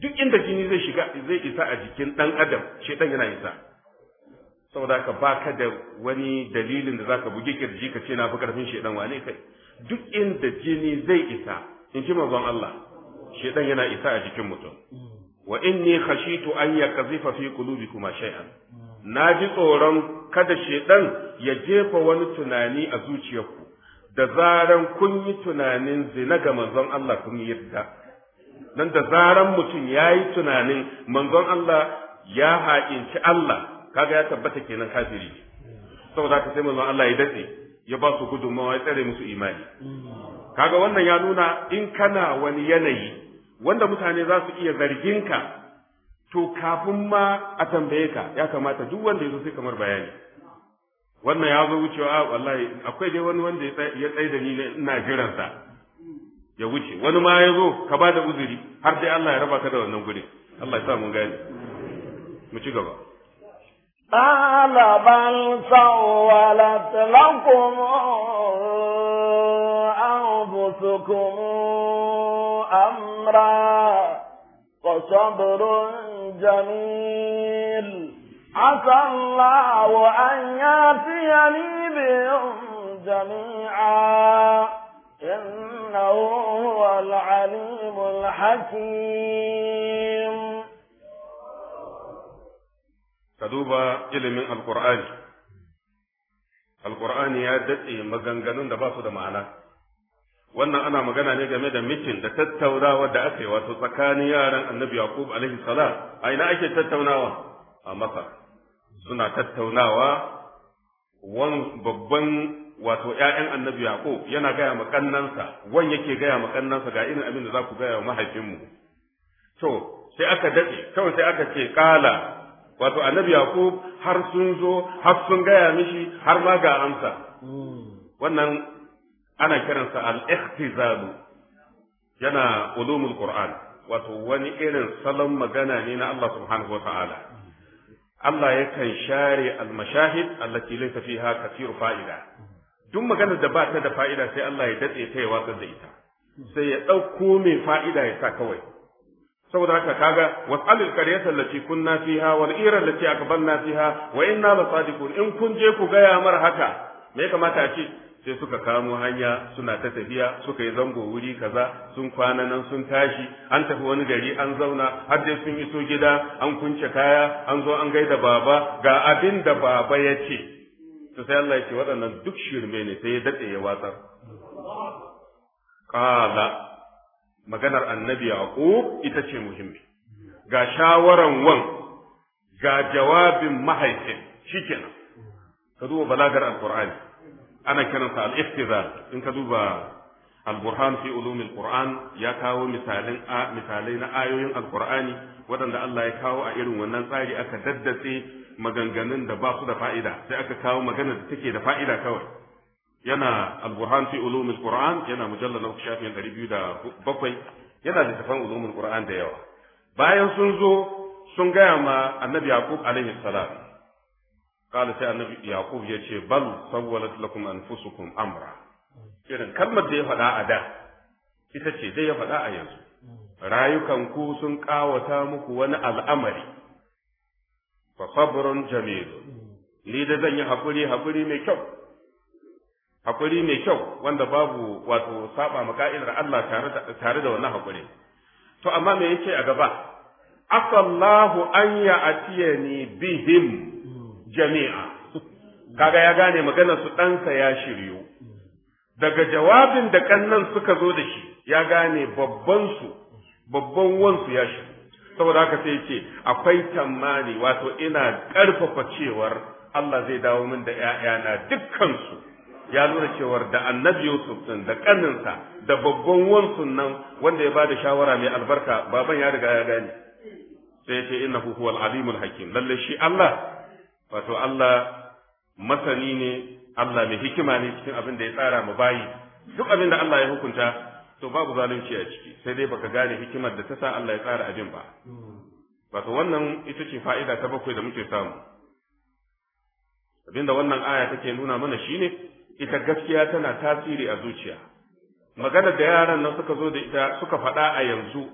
duk inda jini zai shiga zai isa a jikin dan adam shedan yana isa saboda ka baka da wani dalilin da zaka bugi kirji ka ce na fi karfin shedan wane kai duk inda jini zai isa in ji manzon Allah shedan yana isa a jikin mutum wa inni khashitu an yaqzifa fi kuma shay'an na ji tsoron kada shedan ya jefa wani tunani a zuciyarku da zaran kun yi tunanin zina ga manzon Allah kun yi yadda. dan da zaran mutum ya yi tunanin manzon Allah ya haƙinci Allah kaga ya tabbata kenan kafiri saboda haka sai manzon Allah ya dace ya ba su gudunmawa ya tsare musu imani kaga wannan ya nuna in kana wani yanayi wanda mutane za su iya zargin ka to kafin ma a tambaye ka ya kamata duk wanda ya zo sai kamar bayani wannan ya zo wucewa ah, wallahi akwai dai wani wanda ya tsaye da ni ina jiransa ya wuce wani ma ya zo ka ba da uzuri har dai Allah ya raba ka da wannan guri Allah ya sa mun gane mu ci gaba قال بل سولت لكم أنفسكم أمرا وصبر جميل عسى الله أن يأتيني بهم جميعا إنه هو العليم الحكيم كدوبا إلي من القرآن القرآن da دتي مغنغنون دباسو دمعنا wannan ana magana ne game da mitin da tattaunawa da aka yi wato tsakanin yaran annabi yaqub alaihi salam a ina ake tattaunawa a maka suna tattaunawa wani babban wato 'ya'yan annabi yaqub yana gaya ma kannansa wani yake gaya ma kannansa ga irin abin da za ku gaya wa mahaifinmu to sai aka daɗe kawai sai aka ce ƙala wato annabi yaqub har sun zo har sun gaya mishi har ma ga amsa wannan ana kiransa al yana ulumul qur'an wato wani irin salon magana ne na Allah subhanahu wa ta'ala Allah yakan share al-mashahid allati laysa fiha kathiru fa'ida duk maganar da ba ta da fa'ida sai Allah ya datse ta ya watsar da ita sai ya ɗauko mai fa'ida ya sa kawai saboda haka kaga was'alil qaryata allati kunna fiha wal ira allati akbanna fiha wa inna la sadiqun in kun je ku gaya mara haka me ya kamata a ce sai suka kamo hanya suna ta tafiya suka yi zango wuri kaza sun kwana nan sun tashi an tafi wani gari an zauna har dai sun iso gida an kunce kaya an zo an gaida baba ga abin da baba ya ce to sai Allah yake waɗannan duk shirme ne sai ya daɗe ya watsar qala maganar annabi yaqub ita ce muhimmi ga shawaran wan ga jawabin mahaifin shikenan ka duba balagar alqur'ani ana kiransa al-iftizal in ka duba البرهان في علوم القرآن يا كاو مثالين al مثالين waɗanda Allah ya kawo a irin wannan tsari aka daddase. maganganun da ba su da fa'ida sai aka kawo magana da take da fa'ida kawai yana al-burhan fi ulumul qur'an yana mujallal na shafin bakwai. yana littafin ulumul qur'an da yawa bayan sun zo sun gaya ma annabi yaqub alaihi salam qala sai annabi yaqub ce bal sawwalat lakum anfusukum amra irin kalmar da ya faɗa a da ita ce dai ya faɗa a yanzu rayukanku sun ƙawata muku wani al'amari fa sabrun jamil li da zan yi hakuri hakuri mai kyau hakuri mai kyau wanda babu wato saba ma ka'idar Allah tare da tare da wannan hakuri to amma me yake a gaba afallahu an ya'tiyani bihim jami'a kaga ya gane maganar su ɗansa ya shiryu daga jawabin da kannan suka zo da shi ya gane babban su babban wansu ya shiryu saboda haka sai ce akwai tamani wato ina ƙarfafa cewar Allah zai dawo min da ‘ya'yana dukkansu ya nuna cewar da annabi Yusuf sun da ƙaninsa da babban wansu nan wanda ya bada shawara mai albarka baban ya riga ya gane sai ce inna huwal alimul hakim lalle shi Allah wato Allah masani ne Allah mai hikima ne cikin abin da ya tsara mu bayi duk abin da Allah ya hukunta to babu zalunci a ciki sai dai baka gane hikimar da ta sa Allah ya tsara abin ba wato wannan ita ce fa'ida ta bakwai da muke samu abinda wannan aya take nuna mana shine ita gaskiya tana tasiri a zuciya maganar da yaran nan suka zo da ita suka faɗa a yanzu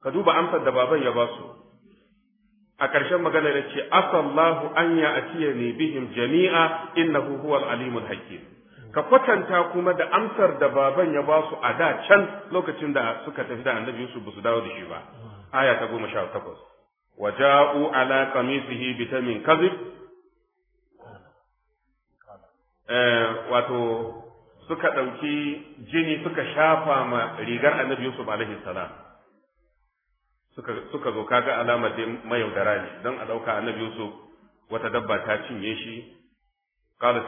ka duba amsar da baban ya ba su a ƙarshen magana ya ce asallahu an ya bihim jami'a innahu huwal alimul hakim ka kwatanta kuma da amsar da baban ya ba su a da can lokacin da suka tafi da annabi Yusuf ba su dawo da shi ba aya ta goma sha takwas wa ja'u ala qamisihi bitamin kadhib eh wato suka ɗauki jini suka shafa ma rigar annabi Yusuf alaihi salam suka suka zo kaga alamar mai yaudara ne don a ɗauka annabi Yusuf wata dabba ta cinye shi قال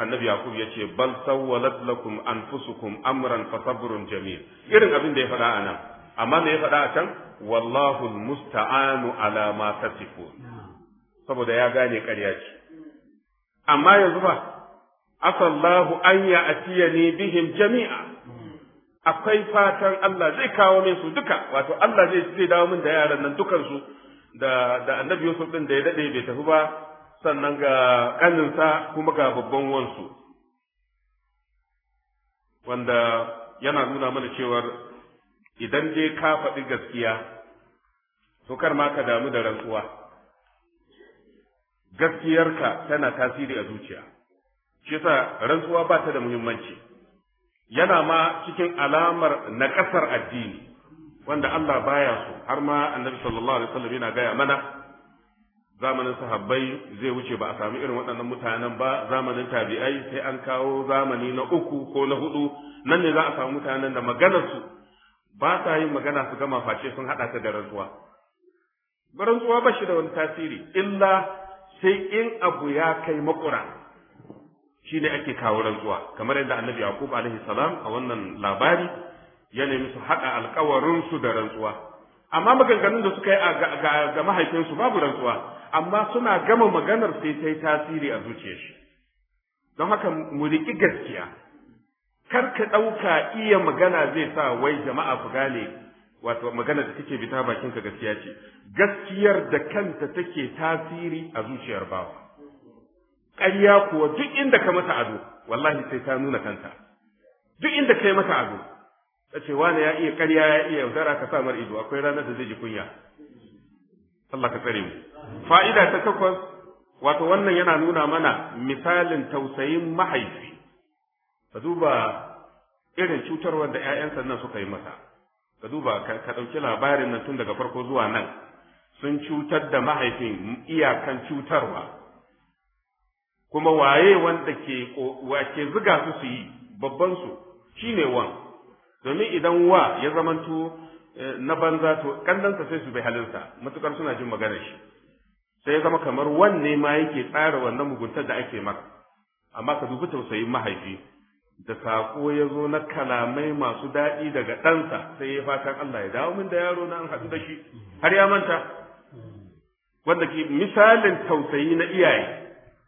النبي يعقوب يتي بل سولت لكم أنفسكم أمرا فصبر جميل إذن أبن دي فلا أنا أما دي فلا أتن والله المستعان على ما تصفون saboda ya gane karya ce amma yanzu fa, asallahu anya ya atiya ni jami'a akwai fatan Allah zai kawo min su duka wato Allah zai zai dawo min da yaran nan dukan da da annabi Yusuf din da ya dade bai tafi ba sannan ga ƙaninsa kuma ga babban wansu wanda yana nuna mana cewar idan dai ka faɗi gaskiya to kar ma ka damu da rantsuwa gaskiyarka tana tasiri a zuciya shi yasa rantsuwa ba ta da muhimmanci yana ma cikin alamar na ƙasar addini wanda Allah baya so har ma annabi sallallahu alaihi wasallam yana gaya mana zamanin sahabbai zai wuce ba a sami irin waɗannan mutanen ba zamanin tabi'ai sai an kawo zamani na uku ko na hudu nan ne za a samu mutanen da maganarsu ba ta yin magana su gama face sun haɗa ta da rantsuwa rantsuwa ba shi da wani tasiri illa sai in abu ya kai makura shi ne ake kawo rantsuwa kamar yadda annabi yaqub alaihi salam a wannan labari ya nemi su haɗa alkawarinsu da rantsuwa amma maganganun da suka yi ga mahaifinsu babu rantsuwa amma suna gama maganar sai ta yi tasiri a zuciyar shi don haka mu riki gaskiya kar ka ɗauka iya magana zai sa wai jama'a ku gane wato magana da take bita bakin ka gaskiya ce gaskiyar da kanta take tasiri a zuciyar bawa ƙarya kuwa duk inda ka mata ado wallahi sai ta nuna kanta duk inda ka yi mata ado ta ce wane ya iya ƙarya ya iya yaudara ka sa mar ido akwai ranar da zai ji kunya Allah ka tsare mu fa'ida ta takwas wato wannan yana nuna mana misalin tausayin mahaifi ka duba irin cutarwar da ‘ya'yansa nan suka yi masa ka duba ka ɗauki labarin nan tun daga farko zuwa nan sun cutar da mahaifin iyakan cutarwa kuma waye wanda ke wake ziga su su yi babban su shine wan domin idan wa ya zamanto eh, na banza to kandansa sai su bai halinsa matukar suna jin maganar shi sai zama kamar wanne ma yake tsara wannan muguntar da ake maka amma ka dubi tausayin mahaifi da sako ya zo na kalamai masu daɗi daga ɗansa sai ya fatan Allah ya dawo min da yaro na an haɗu da shi har ya manta wanda ke misalin tausayi na iyaye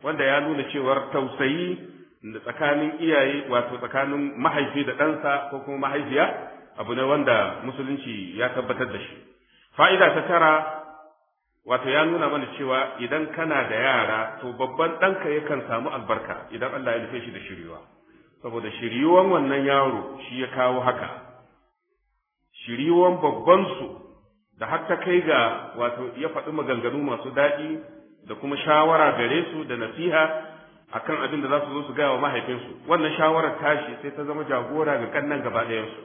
wanda ya nuna cewar tausayi tsakanin iyaye wato tsakanin mahaifi da ɗansa ko kuma mahaifiya abu ne wanda musulunci ya tabbatar da shi fa'ida ta tara wato ya nuna mana cewa idan kana da yara to babban ɗanka yakan samu albarka idan Allah ya nufe shi da shiriwa saboda shiryuwan wannan yaro shi ya kawo haka babban babbansu da har kai ga wato ya faɗi maganganu masu daɗi da kuma shawara gare su da nasiha akan abin da za su zo su gaya wa mahaifinsu wannan shawarar tashi sai ta zama jagora ga kannan gaba ɗayansu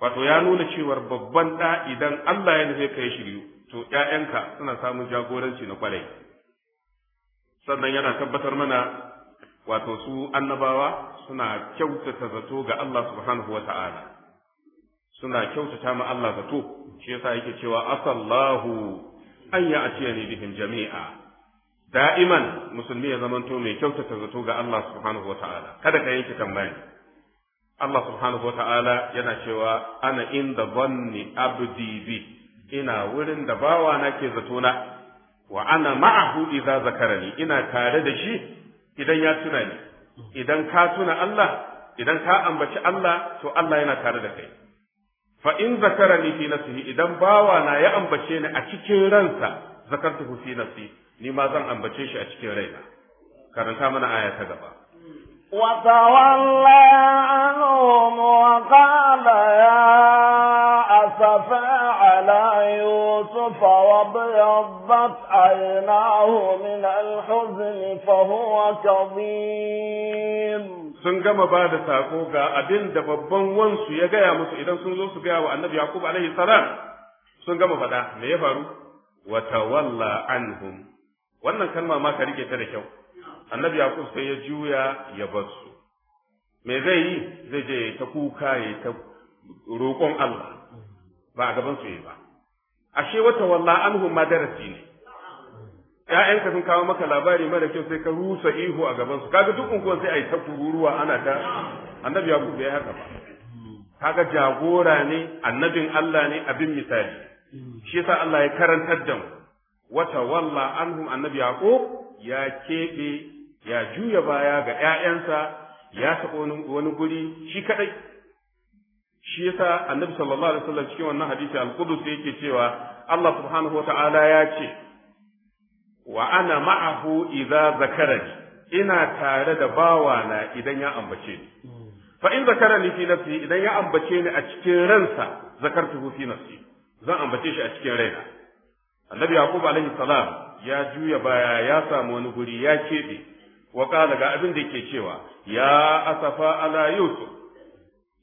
wato ya nuna cewar babban ɗa idan Allah ya nufe ka ya shiryu to ‘ya'yanka suna samun jagoranci na kwarai sannan yana tabbatar mana wato su annabawa suna kyautata zato ga Allah subhanahu wa ta'ala suna kyautata ma Allah zato shi yasa yake cewa asallahu an ya aciya ne bihim jami'a da'iman musulmi ya zamanto mai kyautata zato ga Allah subhanahu wa ta'ala kada ka yanke tambaya Allah subhanahu wa ta'ala yana cewa ana inda zanni abdi bi ina wurin da bawa na ke zatona wa ana ma'ahu idza zakarani ina tare da shi idan ya tuna ni idan ka tuna Allah idan ka ambaci Allah to Allah yana tare da kai fa in zakarani fi nafsihi idan bawa na ya ambace ni a cikin ransa zakartuhu fi nafsi ni ma zan ambace shi a cikin raina karanta mana aya ta gaba وتولى wa qala ya يوسف وابيضت عيناه من الحزن فهو كظيم sun gama ba da sako ga abin da babban wansu ya gaya musu idan sun zo su gaya wa annabi yaqub alaihi salam sun gama faɗa me ya faru wa tawalla anhum wannan kalma ma ka rike ta da kyau annabi yaqub sai ya juya ya bar su me zai yi zai je ta kuka ya ta roƙon Allah ba a gaban su yi ba ashe wata walla anhum ma darasi ne Ya'yanka sun kawo maka labari mara kyau sai ka rusa ihu a gaban su kaga duk unguwan sai ai ta kururuwa ana ta annabi ya bai haka ba kaga jagora ne annabin Allah ne abin misali shi yasa Allah ya karantar da mu wata walla anhum annabi yaqub ya kebe ya juya baya ga 'ya'yansa, ya taɓa wani guri shi kaɗai shi yasa annabi sallallahu alaihi wasallam cikin wannan hadisi al-qudus yake cewa Allah subhanahu wata'ala ya ce wa ana ma'ahu idza zakarani ina tare da bawana idan ya ambace ni fa in zakarani fi nafsi idan ya ambace ni a cikin ransa zakartuhu fi nafsi zan ambace shi a cikin raina annabi yaqub alaihi salam ya juya baya ya samu wani guri ya kebe wa ga abin da yake cewa ya asafa ala yusuf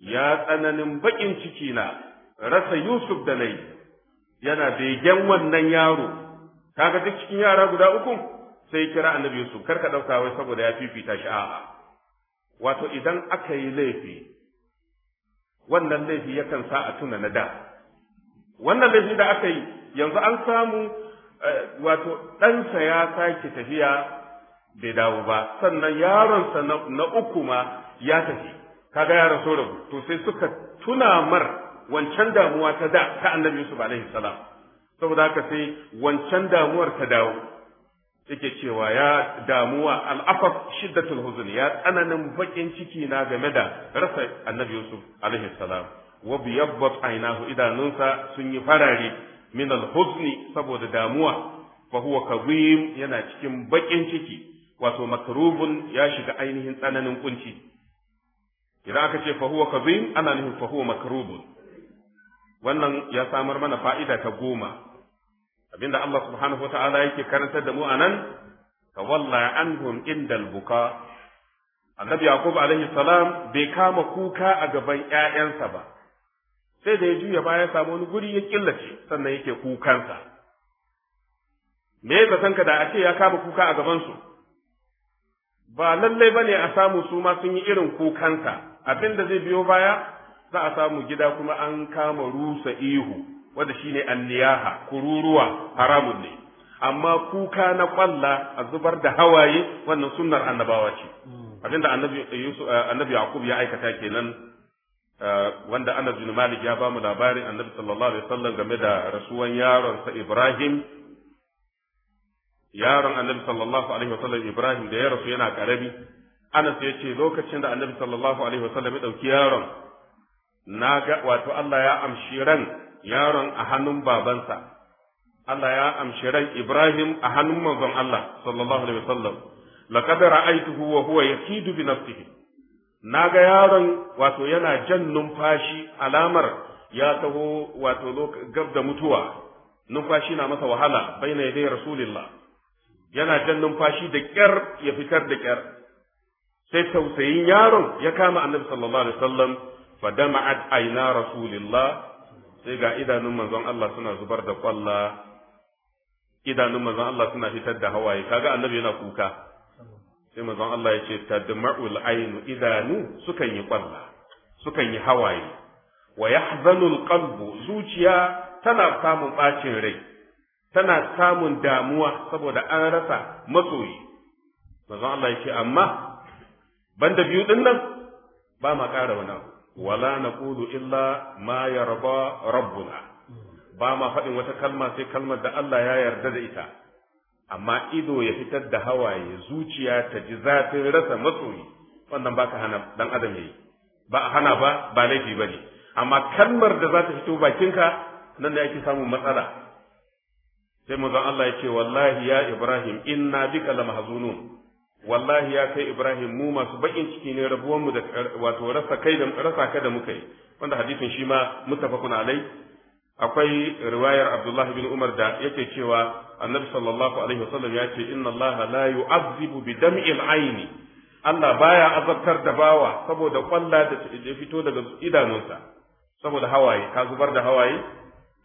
ya tsananin baƙin ciki na rasa Yusuf da nai yana begen wannan yaro kaga duk cikin yara guda uku sai kira annabi Yusuf karka ɗauka wai saboda ya fifita shi a'a wato idan aka yi laifi wannan laifi yakan sa a tuna na da wannan laifi da aka yi yanzu an samu eh, wato ɗansa ya sake tafiya bai dawo ba sannan yaronsa na uku ma ya tafi kaga ya rasu rabu to sai suka tuna mar wancan damuwa ta da ta annabi Yusuf alaihi salam saboda haka sai wancan damuwar ta dawo yake cewa ya damuwa al'afaf shiddatul huzun ya tsananin bakin ciki na game da rasa annabi Yusuf alaihi salam wa biyabbat ainahu idanunsa sun yi farare min al huzn saboda damuwa fa huwa kazim yana cikin bakin ciki wato makrubun ya shiga ainihin tsananin kunci idan aka ce fahuwa kazim ana nufin fahuwa makarubun wannan ya samar mana fa'ida ta goma abinda Allah subhanahu wa ta'ala yake karantar da mu a nan walla anhum indal buka annabi yaqub alaihi salam bai kama kuka a gaban ƴaƴansa ba sai da ya juya baya samu wani guri ya killace sannan yake kukansa me ya san ka da a ce ya kama kuka a gaban su ba lallai bane a samu su ma sun yi irin kukansa abin da zai biyo baya za a samu gida kuma an kama rusa ihu wanda shine anniyaha kururuwa haramun ne amma kuka na kwalla a zubar da hawaye wannan sunnar annabawa ce abinda annabi yusuf eh, annabi yaqub ya aikata kenan eh, wanda Anas bin Malik ya bamu labarin Annabi sallallahu alaihi wasallam game da rasuwan yaron sa Ibrahim yaron Annabi sallallahu alaihi wasallam Ibrahim da ya rasu yana karabi Anas ya ce lokacin da Annabi sallallahu alaihi wasallam ya ɗauki yaron na ga wato Allah ya amshi ran yaron a hannun babansa Allah ya amshi ran Ibrahim a hannun manzon Allah sallallahu alaihi wasallam laqad ra'aytuhu wa huwa yakidu bi nafsihi ga yaron wato yana jan numfashi alamar ya taho wato gab da mutuwa numfashi na masa wahala baina yadai rasulillah yana jan numfashi da kyar ya fitar da kyar sai tausayin yaron ya kama annabi sallallahu alaihi wasallam fa dama'at aina rasulillah sai ga idanun manzon Allah suna zubar da kwalla idanun manzon Allah suna fitar da hawaye kaga annabi yana kuka sai manzon Allah ya ce tadma'ul ainu idanu sukan yi kwalla sukan yi hawaye wa yahzanul qalbu zuciya tana samun bacin rai tana samun damuwa saboda an rasa masoyi manzon Allah ya ce amma da biyu din nan ba ma ƙara wani wala na ƙudu illa ma raba rabbuna ba ma faɗin wata kalma sai kalmar da Allah ya yarda da ita amma ido ya fitar da hawaye zuciya ta ji zafin rasa matsoyi wannan ba ka hana dan adam yayi ba a hana ba ba laifi bane amma kalmar da za ta fito bakinka nan da ake samun matsala sai manzon Allah ya ce wallahi ya Ibrahim inna bika lamahzunun wallahi ya kai Ibrahim mu masu bakin ciki ne rabuwan mu da wato rasa kai da rasa ka da muka yi wanda hadisin shi ma muttafaqun alai akwai riwayar Abdullah bin Umar da yake cewa Annabi sallallahu alaihi wasallam ya ce inna Allah la yu'azzibu bi dam'il aini Allah baya azabtar da bawa saboda kwalla da ya fito daga idanunsa saboda hawaye ka zubar da hawaye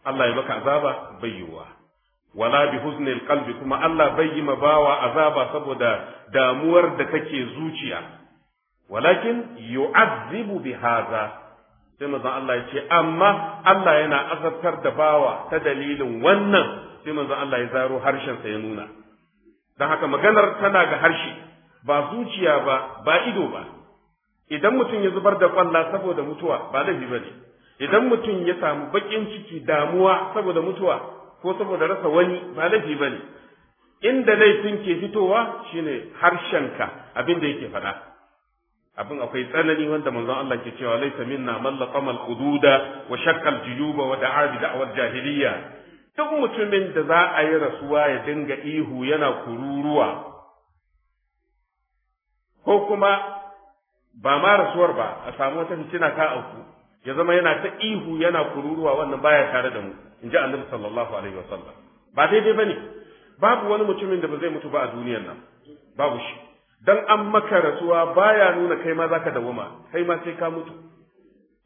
Allah ya baka azaba bai yiwuwa wala bi huznil qalbi kuma Allah bai yi bawa azaba saboda damuwar da take zuciya walakin yu'adhibu bi hadha sai manzon Allah ya ce amma Allah yana azabtar da bawa ta dalilin wannan sai manzon Allah ya zaro harshen sa ya nuna dan haka maganar tana ga harshe ba zuciya ba ba ido ba idan mutum ya zubar da kwalla saboda mutuwa ba laifi ne idan mutum ya samu baƙin ciki damuwa saboda mutuwa ko saboda rasa wani ba laifi ba ne inda laifin ke fitowa shine harshenka abin da yake faɗa abin akwai tsanani wanda manzon Allah ke cewa laisa minna man laqama al-hududa wa shaqqa al-juyuba wa da'a bi da'wat jahiliya duk mutumin da za a yi rasuwa ya dinga ihu yana kururuwa ko kuma ba ma rasuwar ba a samu wata fitina ka auku ya zama yana ta ihu yana kururuwa wannan baya tare da mu in ji annabi sallallahu alaihi wasallam ba daidai bane babu wani mutumin da ba zai mutu ba a duniyar nan babu shi dan an maka rasuwa baya nuna kai ma zaka dawoma kai ma sai ka mutu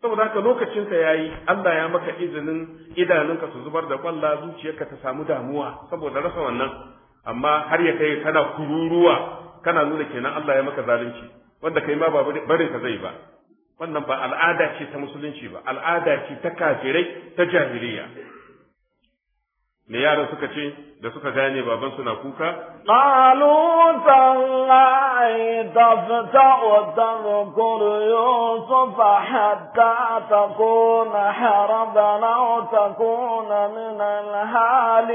saboda haka lokacin ka yayi Allah ya maka izinin idanunka su zubar da kwalla zuciyarka ta samu damuwa saboda rasa wannan amma har ya kai kana kururuwa kana nuna kenan Allah ya maka zalunci wanda kai ma ba barin ka zai ba wannan ba al'ada ce ta musulunci ba al'ada ce ta kafirai ta jahiliya ne yaran suka ce da suka gane baban suna kuka qalu sallai tabta'u tadhkur yusuf hatta takuna haraban aw min al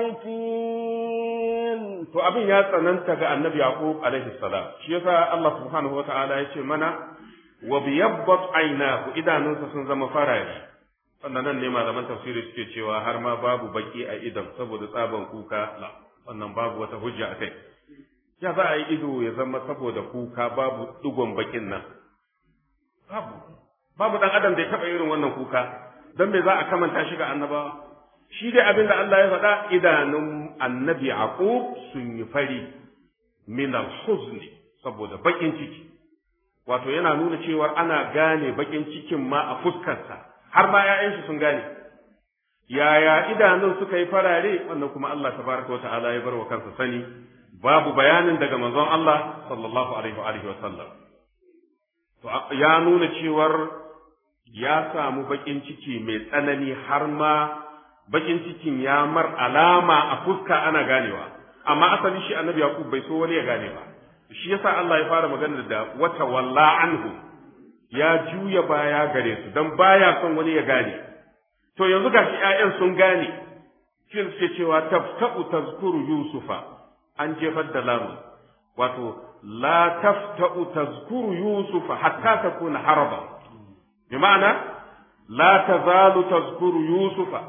to abin ya tsananta ga annabi yaqub alaihi salam shi yasa Allah subhanahu wa ta'ala ya ce mana wa biyabbat aynahu idanunsa sun zama farari wannan nan ne malaman tafsiri suke cewa har ma babu baki a idan saboda tsaban kuka wannan babu wata hujja a kai. ya za a yi ido ya zama saboda kuka babu digon bakin nan babu babu dan adam da ya taba irin wannan kuka dan me za a kamanta shi ga annaba? shi dai abinda Allah ya faɗa idanun annabi aqub sun yi fari min al-huzni saboda bakin ciki wato yana nuna cewa ana gane bakin cikin ma a fuskarsa har ma ‘ya'yansu sun gane yaya idanun suka yi farare wannan kuma Allah baraka wa ta'ala ya bar wa kansa sani babu bayanin daga manzon Allah sallallahu alaihi wa wa sallam to ya nuna cewar ya samu baƙin ciki mai tsanani har ma baƙin cikin ya mar alama a fuska ana ganewa amma asali shi annabi yaqub bai so wani ya gane ba shi yasa Allah ya fara magana da wata walla anhu ya juya baya gare su don baya son wani ya gane to yanzu shi ƴaƴan sun gane shi ce cewa tafta'u tazkuru yusufa an jefar da lamu wato la tafta'u tazkuru yusufa hatta takuna haraba bi ma'ana la tazalu tazkuru yusufa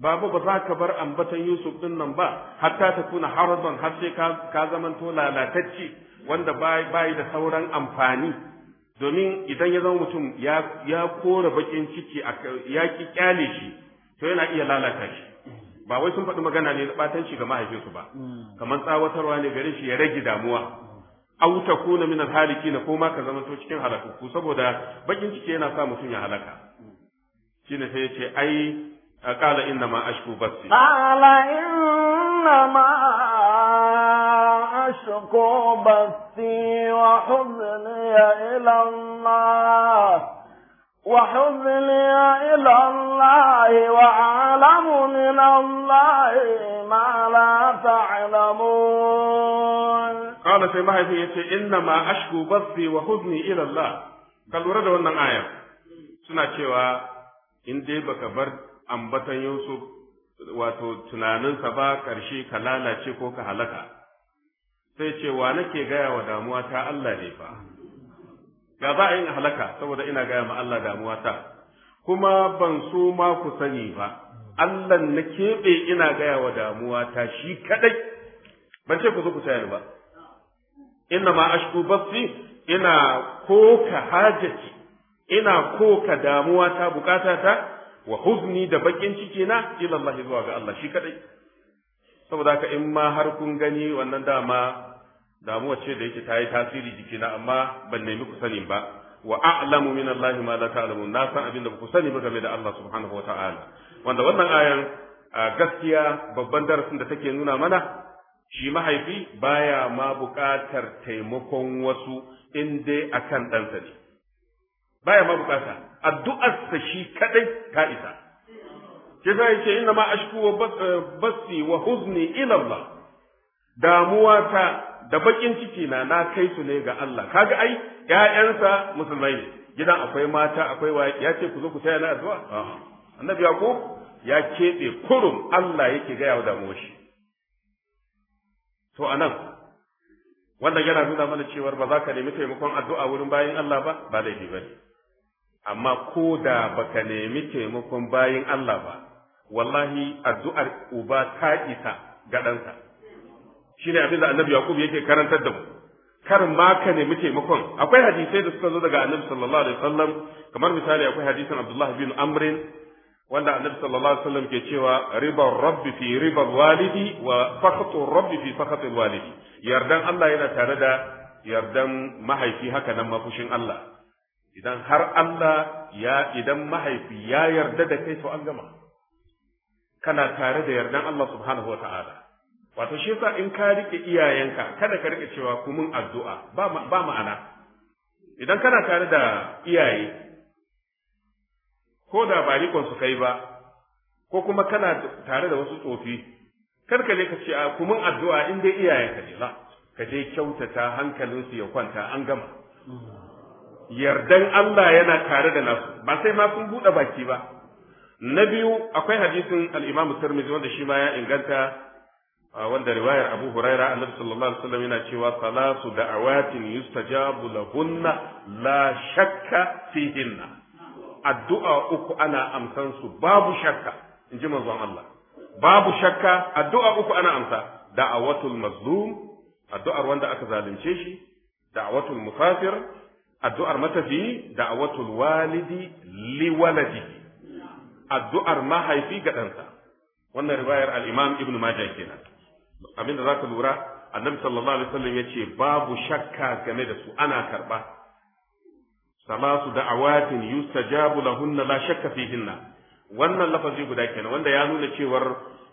babu ba za ka bar ambatan yusuf din nan ba hatta takuna haraban har sai ka zamanto lalatacce wanda bai da sauran amfani domin idan ya zama mutum ya kora bakin ciki ya ki kyale shi to yana iya lalata shi ba wai sun faɗi magana ne na ɓatanci ga mahaifinsu ba mm. kamar tsawatarwa ne gare shi ya rage damuwa au ta kuna min alhaliki na ko ma ka zama to cikin halakuku saboda bakin ciki yana sa mutum ya halaka shine sai ya ce ai qala inna ma ashku basi qala inna ma أشكو بثي وحزني إلى الله وحزني إلى الله وأعلم من الله ما لا تعلمون قال في مهدي إنما أشكو بثي وحزني إلى الله قال ورد wannan آية سنة cewa إن دي baka bar ambaton Yusuf wato tunaninsa ba ƙarshe ka lalace ko ka halaka sai ce wa nake gaya wa damuwa ta Allah ne fa ga za a yin halaka saboda ina gaya ma Allah damuwa ta kuma ban so ma ku sani ba Allah na keɓe ina gaya wa damuwa ta shi kadai ban ce ku zo ku ni ba inna ma ashku basi ina koka hajati ina koka damuwa ta bukata ta wa huzni da bakin ciki na ila Allah zuwa ga Allah shi kadai saboda haka in ma har kun gani wannan dama damuwa ce da yake ta yi tasiri jiki na amma ban nemi ku sani ba wa a'lamu min Allah ma la ta'lamun na san abin da ku sani ba game da Allah subhanahu wa ta'ala wanda wannan ayan gaskiya babban darasin da take nuna mana shi mahaifi baya ma buƙatar taimakon wasu in dai akan ɗansa ne baya ma buƙata addu'arsa shi kadai ta isa ke sa yace inna ma ashku wa basti eh, wa huzni ila Allah damuwa ta da bakin ciki na na kai su ne ga Allah kaga ai ƴaƴansa musulmai ne gidan akwai mata akwai waye ya ce ku zo ku taya na addu'a annabi yaqub ya kebe kurum Allah yake ga yawa damuwar shi to anan wannan yana nuna mana cewa ba za ka nemi taimakon addu'a wurin bayin Allah ba ba laifi bane amma ko da baka nemi taimakon bayin Allah ba wallahi addu'ar uba ta isa ga ɗansa shi ne abin da annabi yaqub yake karantar da mu kar ma ka nemi taimakon akwai hadisai da suka zo daga annabi sallallahu alaihi wasallam kamar misali akwai hadisin abdullah bin amrin wanda annabi sallallahu alaihi wasallam ke cewa riba rabbi fi riba walidi wa fakhatu rabbi fi fakhati walidi yardan Allah yana tare da yardan mahaifi haka nan mafushin Allah idan har Allah ya idan mahaifi ya yarda da kai to an gama kana tare da yardan Allah subhanahu wa ta'ala wato shi yasa in ka rike iyayenka kada ka rike cewa ku addu'a ba ma'ana idan kana tare da iyaye ko da ba rikon su kai ba ko kuma kana tare da wasu tsofi karka ka je ka ce a ku addu'a in dai iyayenka ne la ka je kyautata hankalinsu ya kwanta an gama mm. yardan Allah yana tare da nasu ba sai ma kun buɗe baki ba na biyu akwai hadisin Al'imam imam Tirmidhi wanda shi ma ya inganta wanda riwayar Abu Huraira Annabi sallallahu alaihi wasallam yana cewa salatu da'awatin yustajabu lahunna la shakka fihinna addu'a uku ana amsan su babu shakka in ji manzon Allah babu shakka addu'a uku ana amsa da'awatul mazlum addu'ar wanda aka zalunce shi da'awatul musafir addu'ar matafi da'awatul walidi liwaladihi addu'ar mahaifi ga ɗansa wannan riwayar al-imam ibnu majah kenan Abin abinda zaka lura annabi sallallahu alaihi wasallam yace babu shakka game da su ana karba salasu da'awatin yustajabu lahunna la shakka fihinna wannan lafazi guda kenan wanda ya nuna cewar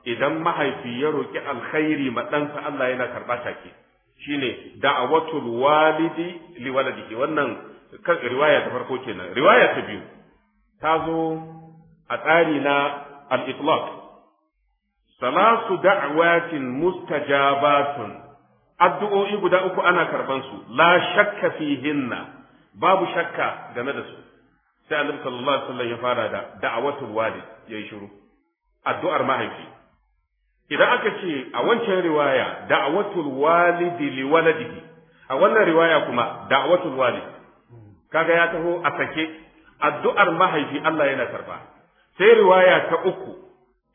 idan mahaifi ya roki alkhairi ma ɗansa Allah yana karba take shine da'awatul walidi liwaladihi wannan riwaya ta farko kenan riwaya ta biyu ta zo a tsari na al-itlaq salasu da'watin mustajabatun addu'o'i guda uku ana karban su la shakka fihinna babu shakka game da su sai annabi sallallahu alaihi wasallam ya fara da wali ya yi shiru addu'ar mahaifi idan aka ce a wancan riwaya da'watul walidi liwaladihi a wannan riwaya kuma da'watul walid kaga ya taho a sake addu'ar mahaifi Allah yana karba sai riwaya ta uku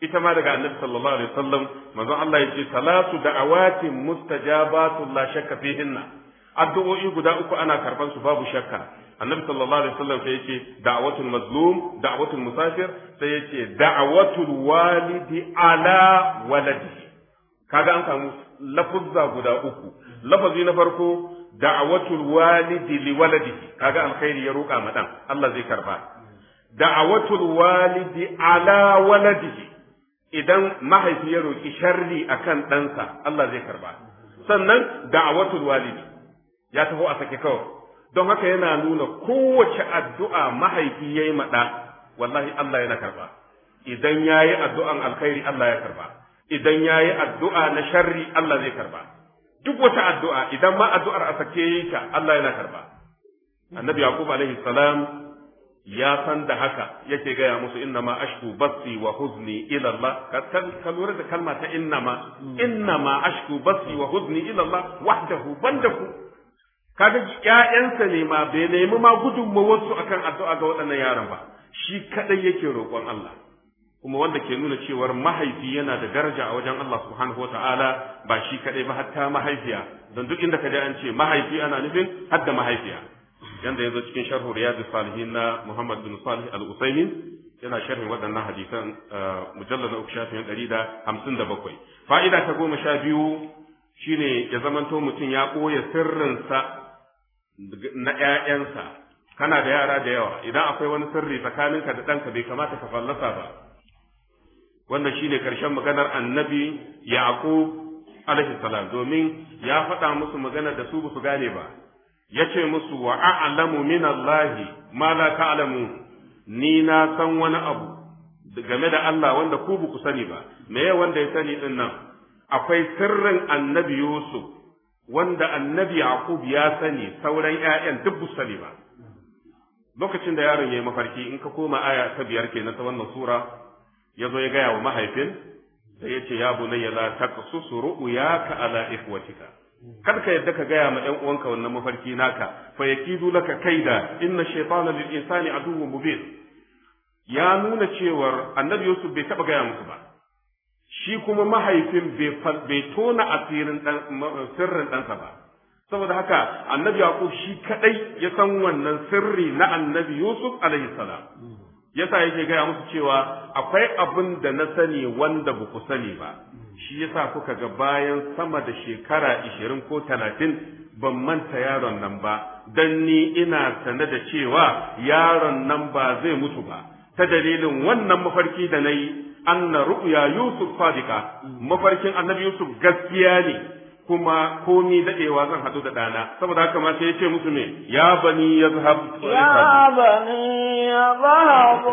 ita ma daga annabi sallallahu alaihi wasallam manzon Allah yace salatu da'awatin Mustajabatu la shakka fihinna addu'o'i guda uku ana karban su babu shakka annabi sallallahu alaihi wasallam sai yace da'watul mazlum da'watul musafir sai yace da'watul walidi ala waladi kaga an samu lafuzza guda uku lafazi na farko da'watul walidi li Ka kaga alkhairi ya roka ma Allah zai karba da'awatul walidi ala waladihi idan mahaifi ya roƙi sharri akan ɗansa Allah zai karba sannan da'awatul walidi ya taho a sake kawai don haka yana nuna kowace addu'a mahaifi yayi maɗa wallahi Allah yana karba idan yayi addu'an alkhairi Allah ya karba idan yayi addu'a na sharri Allah zai karba duk wata addu'a idan ma addu'ar a sake ta Allah yana karba annabi Yakubu alaihi salam ya san da haka yake gaya musu innama ashku basi wa huzni ila Allah ka lura da kalma ta innama hmm. innama ashku basi wa huzni ila Allah wahdahu bandaku kaga ƴaƴansa ne ma bai nemi ma ma wasu akan addu'a ga waɗannan yaran ba shi kadai yake roƙon Allah kuma wanda ke nuna cewar mahaifi yana da daraja a wajen Allah subhanahu wa ta'ala ba shi kadai ba hatta mahaifiya don duk inda ka ji an ce mahaifi ana nufin hadda mahaifiya yanda ya zo cikin sharhu riyadu salihin na muhammad bin salih al-usaimin yana sharhin waɗannan hadisan mujallar na uku shafin ɗari da hamsin da bakwai fa'ida ta goma sha biyu shine ya zamanto mutum ya ɓoye sirrinsa na ‘ya'yansa kana da yara da yawa idan akwai wani sirri tsakaninka da ɗanka bai kamata ka fallasa ba wannan shine karshen maganar annabi yaqub alaihi salam domin ya faɗa musu magana da su ba su gane ba Ya ce musu wa a'lamu min Allahi ma la ta'lamu ni na san wani abu game da Allah wanda ku ba sani ba me wanda ya sani din nan akwai sirrin annabi Yusuf wanda annabi Yaqub ya sani sauran ƴaƴan duk bu sani ba lokacin da yaron yayi mafarki in ka koma aya ta biyar kenan ta wannan sura ya zo ya gaya wa mahaifin sai ya ce ya bunayya la taqsusu ru'yaka ala ikhwatika kar ka yadda ka gaya ma ɗan uwanka wannan mafarki naka fa ka laka kaida inna shaytana lil insani aduwwun mubin ya nuna cewar annabi yusuf bai taba gaya musu ba shi kuma mahaifin bai tona asirin sirrin ɗansa ba saboda haka annabi yaqub shi kadai ya san wannan sirri na annabi yusuf alaihi salam yasa yake gaya musu cewa akwai abin da na sani wanda ba ku sani ba shi yasa kuka ga bayan sama da shekara ishirin ko talatin ban manta yaron nan ba don ni ina sane da cewa yaron nan ba zai mutu ba ta dalilin wannan mafarki da na yi anna ru'ya yusuf fadika mafarkin annabi yusuf gaskiya ne kuma komi dadewa zan hadu da dana saboda haka ma sai yace musu me ya bani yazhab ya bani yazhab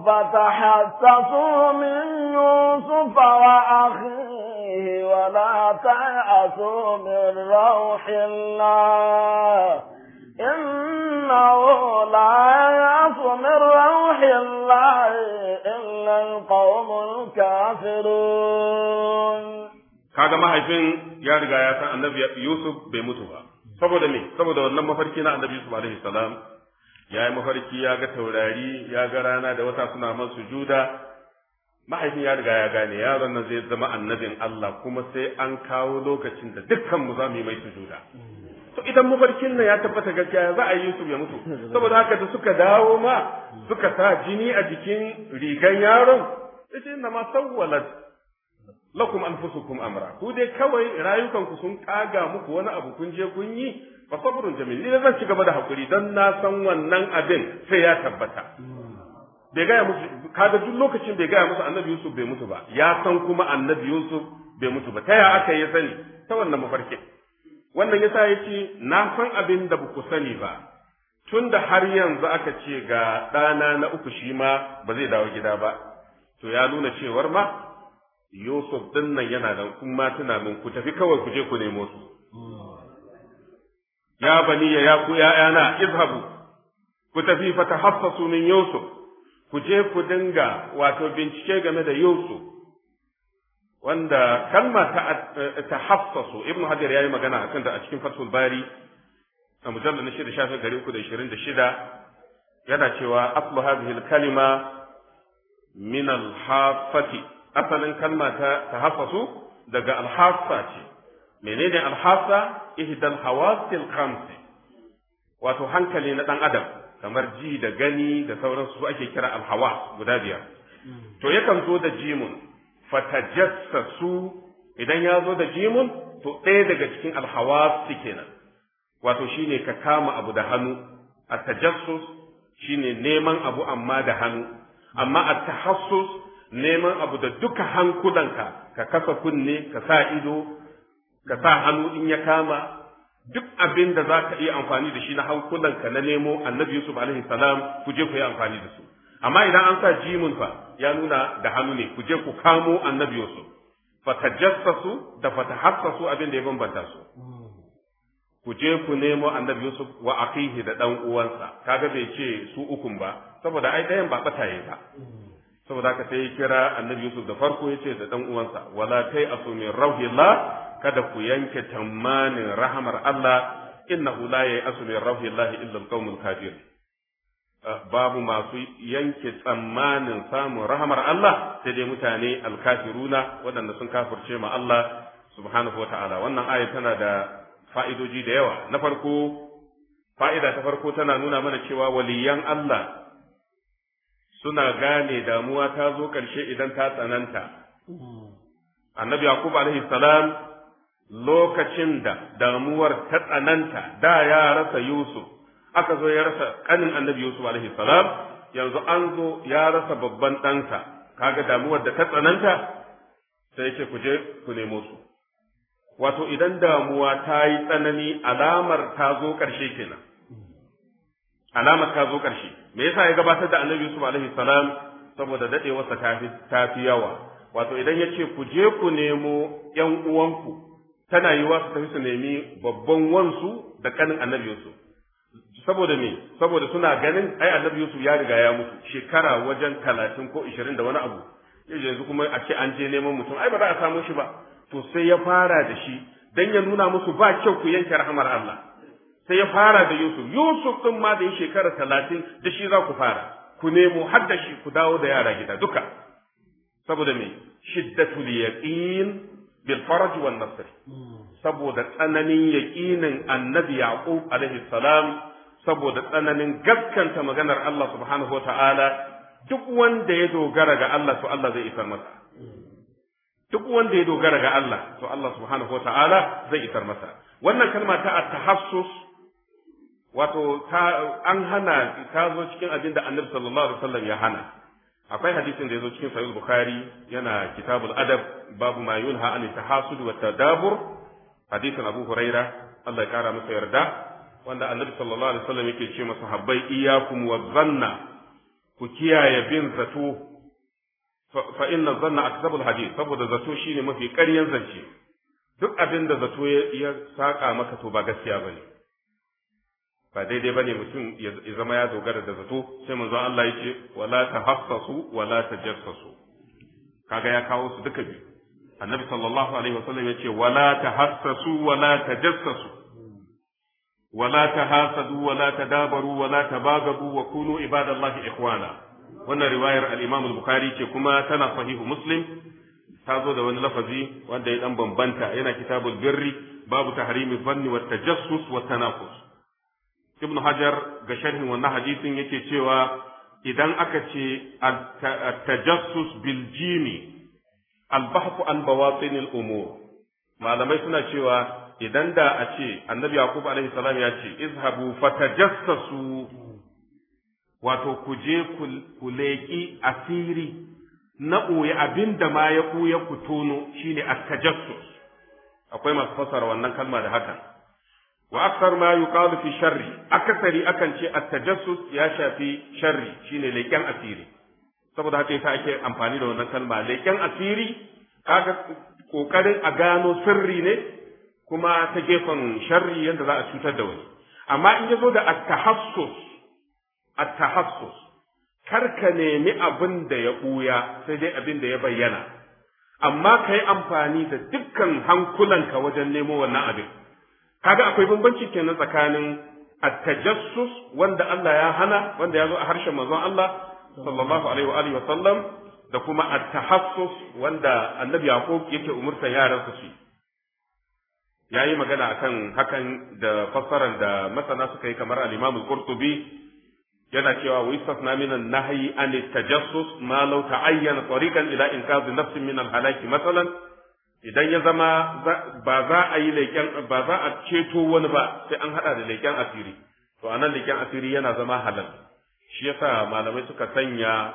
fatahassasu min yusuf wa akhihi wa la ta'asu min rauhillah إنه la يعص min روح illa alqawmul kafirun kaga mahaifin ya riga ya san annabi Yusuf bai mutu ba saboda me saboda wannan mafarki na annabi Yusuf alaihi salam ya yi mafarki ya ga taurari ya ga rana da wata suna man sujuda mahaifin ya riga ya gane yaron nan zai zama annabin Allah kuma sai an kawo lokacin da dukkan mu za mu yi mai sujuda to idan mafarkin nan ya tabbata gaskiya za a yi Yusuf ya mutu saboda haka da suka dawo ma suka sa jini a jikin rigan yaron ita inna ma sawwalat lakum anfusukum amra ku dai kawai rayukanku sun kaga muku wani abu kun je kun yi fa sabrun jamil ni zan ci gaba da hakuri dan na san wannan abin sai ya tabbata bai gaya musu kaga duk lokacin bai gaya musu annabi yusuf bai mutu ba ya san kuma annabi yusuf bai mutu ba ta ya aka ya sani ta wannan mafarki wannan yasa yace na san abin da ku sani ba tunda har yanzu aka ce ga ɗana na uku shi ma ba zai dawo gida ba to ya nuna cewar ma Yusuf din nan yana da kun ma tuna min ku tafi kawai ku je ku nemo su ya bani ya ya ku ya'yana izhabu ku tafi fatahassasu min Yusuf ku je ku dinga wato bincike game da Yusuf wanda kalma ta tahassasu ibnu hajar yayi magana akan da a cikin fathul bari a mujallal na shida shafin gari uku da ishirin da shida yana cewa aslu hadhihi kalima min al-hafati asalin kalma ta tahassasu daga alhassa ce menene alhassa ihdal hawasil khamsi wato hankali na dan adam kamar ji da gani da sauransu su ake kira alhawa guda biyar to yakan zo da jimun fatajassasu idan ya zo da jimun to ɗaya daga cikin alhawasi kenan wato shine ka kama abu da hannu atajassus tajassus shine neman abu amma da hannu amma at tahassus neman abu da duka hankulanka ka kasa kunne ka sa ido ka sa hannu in ya kama duk abin da za ka iya amfani da shi na hankulanka na nemo annabi yusuf alaihi salam ku je ku yi amfani da su amma idan an sa jimin fa ya nuna da hannu ne ku je ku kamo annabi yusuf fatajassasu da fatahassasu abin da ya bambanta su ku je ku nemo annabi yusuf wa akhihi da dan uwansa kaga bai ce su ukun ba saboda ai dayan ba bataye ba saboda haka sai ya kira annabi yusuf da farko ya ce da dan uwansa wala kai asumin min kada ku yanke tamanin rahamar Allah innahu la yayi asu min rauhillah illa alqaumul kafir ah, babu masu yanke tsammanin samun rahamar Allah sai dai mutane alkafiruna waɗanda sun kafirce ma Allah subhanahu wannan aya tana da fa'idoji da yawa na farko fa'ida ta farko tana nuna mana cewa waliyan Allah suna gane damuwa ta zo ƙarshe idan ta tsananta. Annabi Yakubu alaihi salam lokacin da damuwar ta tsananta da ya rasa Yusuf, aka zo ya rasa ƙanin Annabi Yusuf alaihi salam yanzu an zo ya rasa babban ɗansa, kaga damuwar da ta tsananta sai yake ku je ku nemo su. Wato idan damuwa ta yi tsanani alamar ta zo ƙarshe kenan. Alamar ta zo ƙarshe. me yasa ya gabatar da annabi yusuf alaihi salam saboda dadewarsa ta fi yawa wato idan ya ce ku je ku nemo yan uwanku tana yiwa su tafi su nemi babban wansu da kanin annabi yusuf saboda me saboda suna ganin ai annabi yusuf ya riga ya mutu shekara wajen talatin ko ishirin da wani abu yanzu kuma a ce an je neman mutum ai ba za a samu shi ba to sai ya fara da shi dan ya nuna musu ba kyau ku yanke rahmar Allah sai ya fara da Yusuf Yusuf din ma da ya shekara talatin da shi za ku fara ku nemo har da shi ku dawo da yara gida duka saboda me shiddatul yaqin bil faraj wan nasr saboda tsananin yaqinin annabi yaqub alaihi salam saboda tsananin gaskanta maganar Allah subhanahu wa ta'ala duk wanda ya dogara ga Allah to Allah zai isar masa duk wanda ya dogara ga Allah to Allah subhanahu wa ta'ala zai isar masa wannan kalma ta at-tahassus wato an hana ta zo cikin abin da annabi sallallahu alaihi wasallam ya hana akwai hadisin da ya zo cikin sahih bukhari yana kitabul adab babu ma yunha an tahasud wa tadabur hadisin abu huraira Allah ya kara masa yarda wanda annabi sallallahu alaihi wasallam yake ce masa habbai iyyakum wa dhanna ku kiyaye bin zato fa inna dhanna akdabul hadith saboda zato shine mafi ƙaryan zance duk abin da zato ya saka maka to ba gaskiya bane ba daidai bane mutum ya zama ya dogara da zato sai manzo Allah yace wala tahassasu wala tajassasu kaga ya kawo su duka biyu annabi sallallahu alaihi wasallam ya ce wala tahassasu wala tajassasu wala tahasadu wala tadabaru wala tabagadu wa kunu ibadallahi ikhwana wannan riwayar al-Imam al-Bukhari ce kuma tana sahihu Muslim ta zo da wani lafazi wanda ya dan bambanta yana kitabul birri babu tahrimi fanni wa tajassus wa tanafus ibn hajar ga sharhin wannan hadisin yake cewa idan aka ce tajassus bil jimi albahku an bawatinil umur malamai suna cewa idan da a ce annabi yaqub alaihi salam ya ce izhabu fatajassasu wato ku je ku leƙi asiri na ɓoye abinda ma ya ɓuya ku tono shine at-tajassus akwai masu fasara wannan kalma da haka wa mayu ma yuqalu fi sharri akasari akan ce at-tajassus ya shafi sharri shine leken asiri saboda haka yasa ake amfani da wannan kalma leken asiri kaga kokarin a gano sirri ne kuma ta gefen sharri yadda za a cutar da wani amma in ya zo da at-tahassus at kar ka nemi abin da ya ɓuya, sai dai abin da ya bayyana amma ka yi amfani da dukkan hankulanka wajen nemo wannan abin kaga akwai bambanci kenan tsakanin at-tajassus wanda Allah ya hana wanda ya zo a harshen manzon Allah sallallahu alaihi wa alihi wa sallam da kuma at-tahassus wanda Annabi Yaqub yake umurta yaran su yayi magana akan hakan da fassarar da masana suka yi kamar al-Imam qurtubi yana cewa wa istasna min an-nahyi an at-tajassus ma law ta'ayyana tariqan ila inqadhi nafsin min al-halaki masalan idan ya zama ba za a yi leƙen ba za a ceto wani ba sai an haɗa da leƙen asiri to a nan leƙen asiri yana zama halal shi yasa malamai suka sanya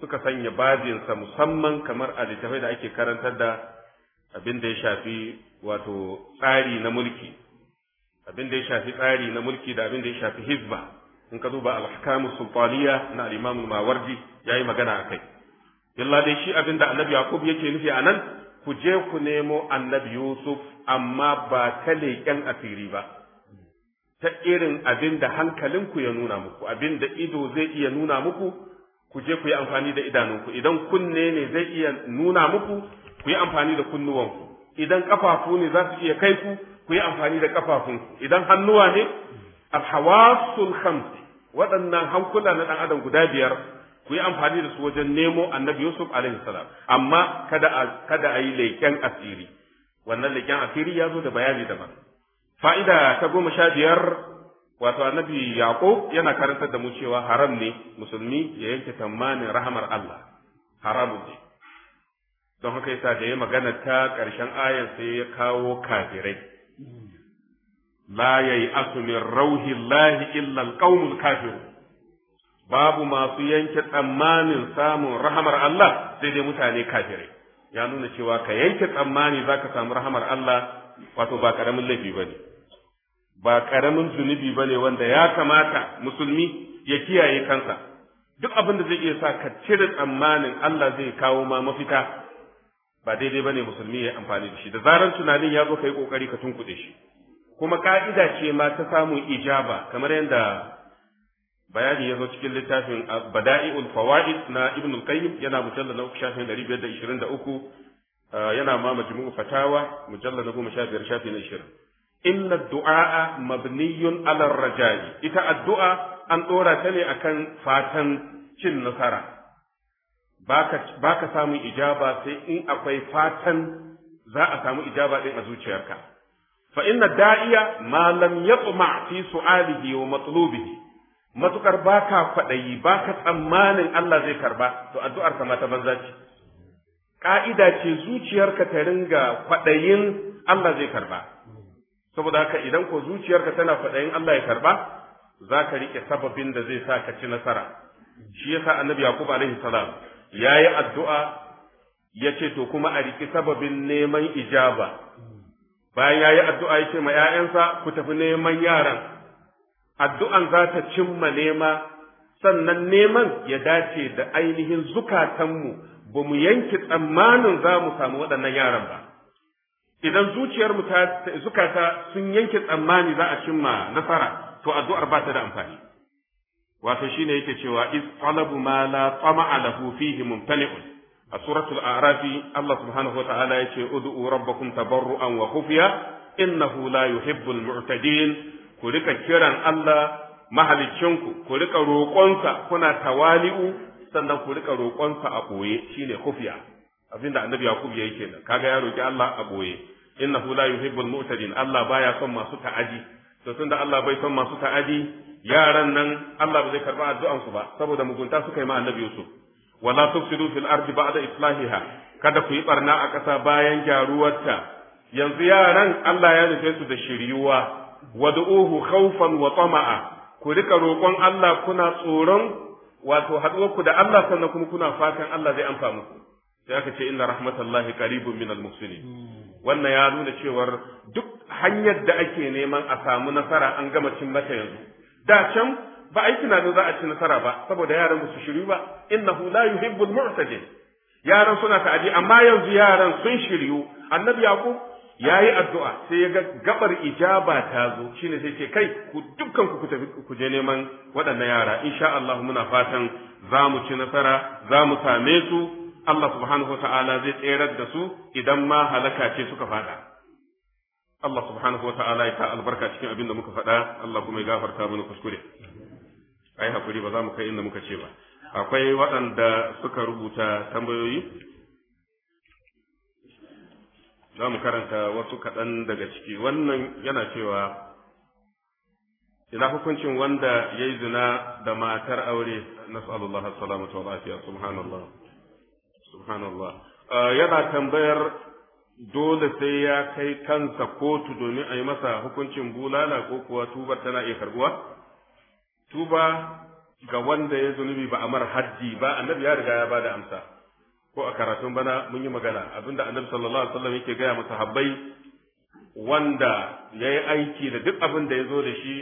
suka sanya babinsa musamman kamar a littafai da ake karantar da abin da ya shafi wato tsari na mulki abin da ya shafi tsari na mulki da abin da ya shafi hizba in ka duba alhakamu sultaniya na al-imam mawardi yayi magana akai illa dai shi abin da annabi yakub yake nufi anan ku je ku nemo annabi Yusuf amma ba ta leƙen asiri ba ta irin abin da hankalinku ya nuna muku abin da ido zai iya nuna muku ku je ku yi amfani da idanunku idan kunne ne zai iya nuna muku ku yi amfani da kunnuwanku idan ƙafafu ne za su iya kai ku ku yi amfani da kafafunku idan hannuwa ne sun hamsi. waɗannan hankula na ɗan adam guda biyar ku yi amfani da su wajen nemo annabi yusuf alaihi salam amma kada a kada a yi asiri wannan leken asiri ya zo da bayani daban fa'ida ta goma sha biyar wato annabi yaqub yana karantar da mu cewa haram ne musulmi ya yanke tamanin rahamar allah haramun ne don haka yasa da ya magana ta ƙarshen ayar sai ya kawo kafirai la yayi asumin rauhi llahi illa alqaumul kafirun babu masu yanke tsammanin samun rahamar Allah sai dai mutane kafirai ya nuna cewa ka yanke tsammani za ka samu rahamar Allah wato ba ƙaramin laifi ba ne ba ƙaramin zunubi ba ne wanda ya kamata musulmi ya kiyaye kansa duk abin da zai iya sa ka cire tsammanin Allah zai kawo ma mafita ba daidai ba ne musulmi ya amfani da shi da zaran tunanin ya zo ka yi ƙoƙari ka tunkuɗe shi kuma ka'ida ce ma ta samun ijaba kamar yadda bayani ya zo cikin littafin bada'i'ul fawaid na ibn al-qayyim yana mujalla na uku shafin biyar da da ishirin uku, yana ma majmu'u fatawa mujalla na goma sha biyar shafiyar shafin 20 inna du'a mabniyun ala rajai ita addu'a an dora ta ne akan fatan cin nasara baka baka samu ijaba sai in akwai fatan za a samu ijaba din a zuciyarka fa inna da'iya ma lam yatma fi su'alihi wa matlubihi matukar baka kwaɗayi baka tsammanin Allah zai karba to addu'ar ka mata banza ce ka'ida ce zuciyarka ta ringa kwaɗayin Allah zai karba saboda haka idan ko zuciyarka tana kwaɗayin Allah ya karba za ka riƙe sababin da zai sa ka ci nasara shi yasa annabi yaqub alaihi salam yayi addu'a yace to kuma a riƙi sababin neman ijaba bayan yayi addu'a ya ce ma 'ya'yansa ku tafi neman yaran addu'an za ta cimma nema sannan neman ya dace da ainihin zukatanmu ba mu yanki tsammanin za mu samu waɗannan yaran ba idan zuciyarmu ta zukata sun yanke tsammani za a cimma nasara to addu'ar ba ta da amfani wato shine yake cewa is talabu ma la tama'a lahu fihi mumtani'un a suratul arafi Allah subhanahu ya ce udu'u rabbakum tabarru'an wa khufiya innahu la yuhibbul mu'tadin ku rika kiran Allah mahalicinku ku rika roƙonsa kuna tawali'u sannan ku rika roƙonsa a ɓoye shine kufiya abinda annabi yakub yayi kenan kaga ya roƙi Allah a ɓoye innahu la yuhibbul mu'tadin Allah baya son masu ta'adi to tunda Allah bai son masu ta'adi yaran nan Allah ba zai karba addu'an su ba saboda mugunta suka yi ma annabi Yusuf wala tufsidu fil ardi ba'da islahiha kada ku yi barna a ƙasa bayan gyaruwarta yanzu yaran Allah ya nufe su da shiriyuwa wad'uhu khawfan wa tama'a ku rika roƙon Allah kuna tsoron wato ku da Allah sannan kuma kuna fatan Allah zai amfa muku sai aka ce inna rahmatallahi qaribun minal muhsinin wannan ya nuna cewar duk hanyar da ake neman a samu nasara an gama cin mata yanzu da can ba aiki na tunanin za a ci nasara ba saboda yaran ba su shiryu ba innahu la yuhibbul mu'tadin yaran suna ta'adi amma yanzu yaran sun shiryu annabi yaqub ya yi addu'a sai ya ga gabar ijaba ta zo shine sai ce kai ku dukkan ku tafi ku je neman waɗannan yara insha Allah muna fatan za mu ci nasara za mu same su Allah subhanahu wa ta'ala zai tserar da su idan ma halaka ce suka fada Allah subhanahu wa ta'ala ya ta albarka cikin abin da muka faɗa Allah kuma ya gafarta mana kuskure ai hakuri ba za mu kai inda muka ce ba akwai waɗanda suka rubuta tambayoyi za mu karanta wasu kaɗan daga ciki wannan yana cewa ina hukuncin wanda ya yi zina da matar aure na sallallahu alaihi wa lafiya subhanallah subhanallah yana tambayar dole sai ya kai kansa kotu domin a yi masa hukuncin bulala ko kuwa tuba tana iya karbuwa tuba ga wanda ya zunubi ba a mar haddi ba annabi ya riga ya bada amsa ko a karatun bana mun yi magana abinda annabi sallallahu alaihi wasallam yake gaya masa habbai wanda ya yi aiki da duk abin da ya zo da shi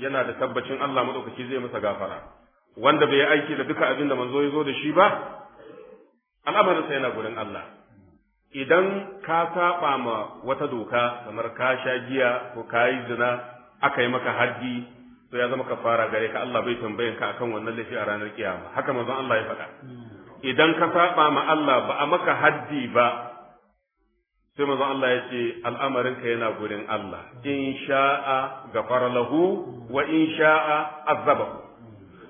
yana da tabbacin Allah madaukaki zai masa gafara wanda bai yi aiki da duka abin da manzo ya zo da shi ba al'amarinsa yana gurin Allah idan ka saba ma wata doka kamar ka sha giya ko ka yi zina aka yi maka haddi to ya zama ka fara gare ka Allah bai tambayan ka akan wannan laifi a ranar kiyama haka manzon Allah ya faɗa idan ka saba ma Allah ba a maka haddi ba sai manzo Allah ya ce al'amarinka yana gurin Allah in sha'a gafara lahu wa in sha'a azaba.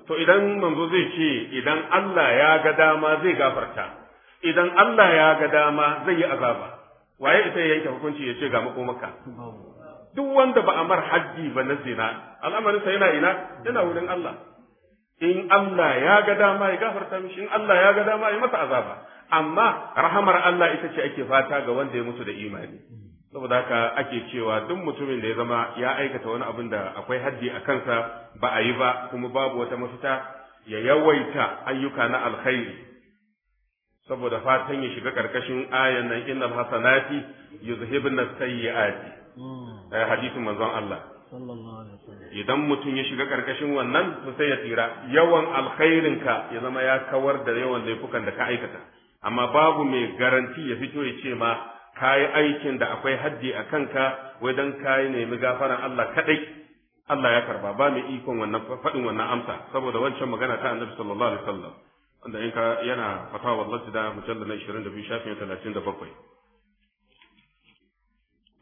to idan manzo zai ce idan Allah ya ga dama zai gafarta idan Allah ya ga dama zai yi azaba waye ita ya yanke hukunci ya ce ga maka? duk wanda ba a mar haddi ba na zina al'amarinsa yana ina yana wurin Allah in Allah ya ga dama ya gafarta mishi in Allah ya ga dama ya masa azaba amma rahamar Allah ita ce ake fata ga wanda ya mutu da imani saboda haka ake cewa duk mutumin da ya zama ya aikata wani abin da akwai haddi a kansa ba a yi ba kuma babu wata mafita ya yawaita ayyuka na alkhairi saboda fatan ya shiga karkashin ayan nan innal hasanati yuzhibna sayyi'ati hmm. eh, hadisin manzon Allah idan mutum ya shiga karkashin wannan to sai ya tsira yawan alkhairinka ya zama ya kawar da yawan laifukan da ka aikata amma babu mai garanti ya fito ya ce ma kayi aikin da akwai haddi a kanka wai dan kayi nemi gafaran Allah kadai Allah ya karba ba mai ikon wannan faɗin wannan amsa saboda wancan magana ta Annabi sallallahu alaihi wasallam wanda in ka yana fatawa wallahi da mujallal 22 shafin 37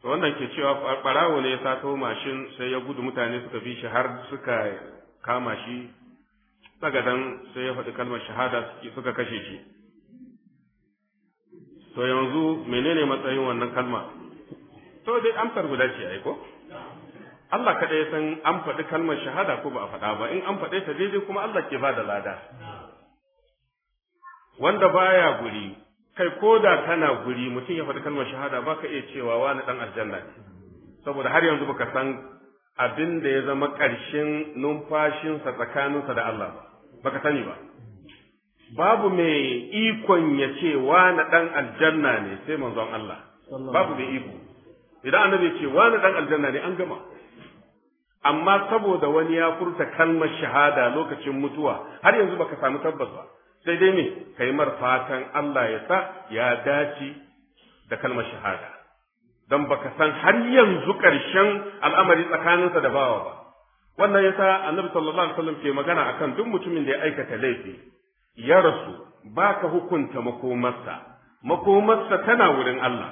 to wannan ke cewa barawo ne ya sato mashin sai ya gudu mutane suka bi shi har suka kama shi sagadan sai ya faɗi kalmar shahada suka kashe shi to yanzu menene matsayin wannan kalma to dai amsar guda ce ai ko Allah kada ya san an faɗi kalmar shahada ko ba a faɗa ba in an faɗe ta daidai kuma Allah ke ba da lada wanda baya guri kai ko da kana guri mutum ya faɗi kalmar shahada ba ka iya cewa wani dan aljanna ne saboda har yanzu baka san abin da ya zama ƙarshen numfashinsa tsakaninsa da Allah ba baka sani ba babu mai ikon ya ce wani dan aljanna ne sai manzon Allah babu mai iko idan annabi ya ce wani dan aljanna ne an gama amma saboda wani ya furta kalmar shahada lokacin mutuwa har yanzu baka samu tabbas ba sai dai me kai mar fatan Allah ya sa ya dace da kalmar shahada don baka san har yanzu ƙarshen al'amari tsakaninsa da bawa ba wannan yasa annabi sallallahu alaihi wasallam ke magana akan duk mutumin da ya aikata laifi ya rasu baka hukunta makomarsa makomarsa tana wurin Allah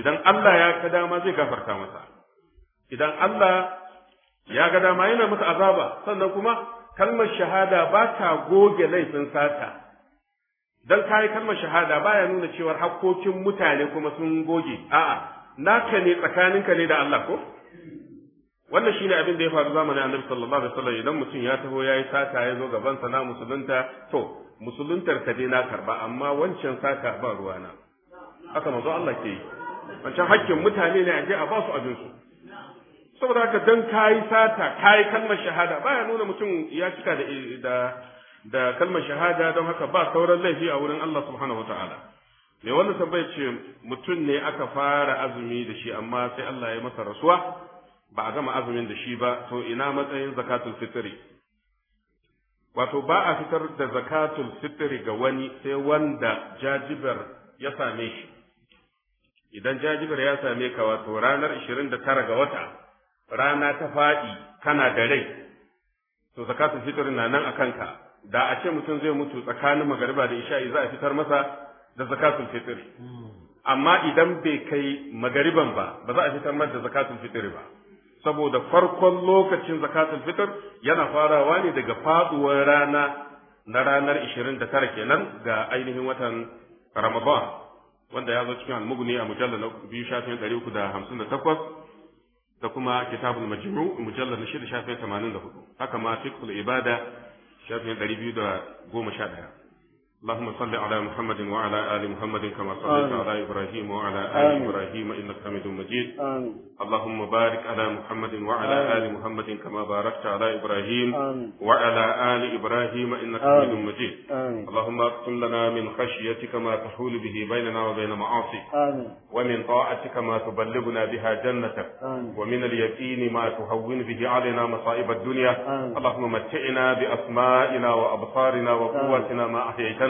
idan Allah ya ka dama zai gafarta masa idan Allah ya ga dama yana masa azaba sannan kuma kalmar shahada ba ta goge laifin sata dan kai kalmar shahada baya nuna cewar hakkokin mutane kuma sun goge a'a naka ne tsakaninka ne da Allah ko wannan shine abin da ya faru zamanin Annabi sallallahu alaihi wasallam idan mutum ya taho yayi sata ya zo gaban sa na musulunta to musuluntar ka dai na karba amma wancan sata ba ruwana haka manzo Allah ke yi wancan hakkin mutane ne a je a ba su abin su saboda haka dan kai sata kai kalmar shahada baya nuna mutum ya cika da da kalmar shahada don haka ba sauran laifi a wurin Allah subhanahu wataala mai wannan tambayar ce mutum ne aka fara azumi da shi amma sai Allah ya masa rasuwa ba a gama azumin da shi ba to ina matsayin zakatul fitri wato ba a fitar da zakatul fitri ga wani sai wanda jajibar ya same shi idan jajibar ya same ka wato ranar 29 ga wata rana ta faɗi kana da rai to zakatul fitri na nan a kanka da a ce mutum zai mutu tsakanin magariba da isha'i za a fitar masa da zakatul fitr amma idan bai kai magariban ba ba za a fitar masa da zakatul fitr ba saboda farkon lokacin zakatul fitr yana farawa ne daga faduwar rana na ranar 29 kenan ga ainihin watan Ramadan wanda ya zo cikin almuguni a mujallal na biyu shafin 358 da kuma kitabul majmu mujallal na 6 shafin haka ma fiqhul ibada shafin ɗari biyu da goma sha ɗaya اللهم صل على محمد وعلى ال محمد كما صليت على ابراهيم وعلى ال ابراهيم انك حميد مجيد آمين. اللهم بارك على محمد وعلى ال محمد كما باركت على ابراهيم آمين. وعلى ال ابراهيم انك حميد مجيد آمين. اللهم اقسم لنا من خشيتك ما تحول به بيننا وبين معاصيك ومن طاعتك ما تبلغنا بها جنتك آمين. ومن اليقين ما تهون به علينا مصائب الدنيا آمين. اللهم متعنا باسمائنا وابصارنا وقوتنا ما احييتنا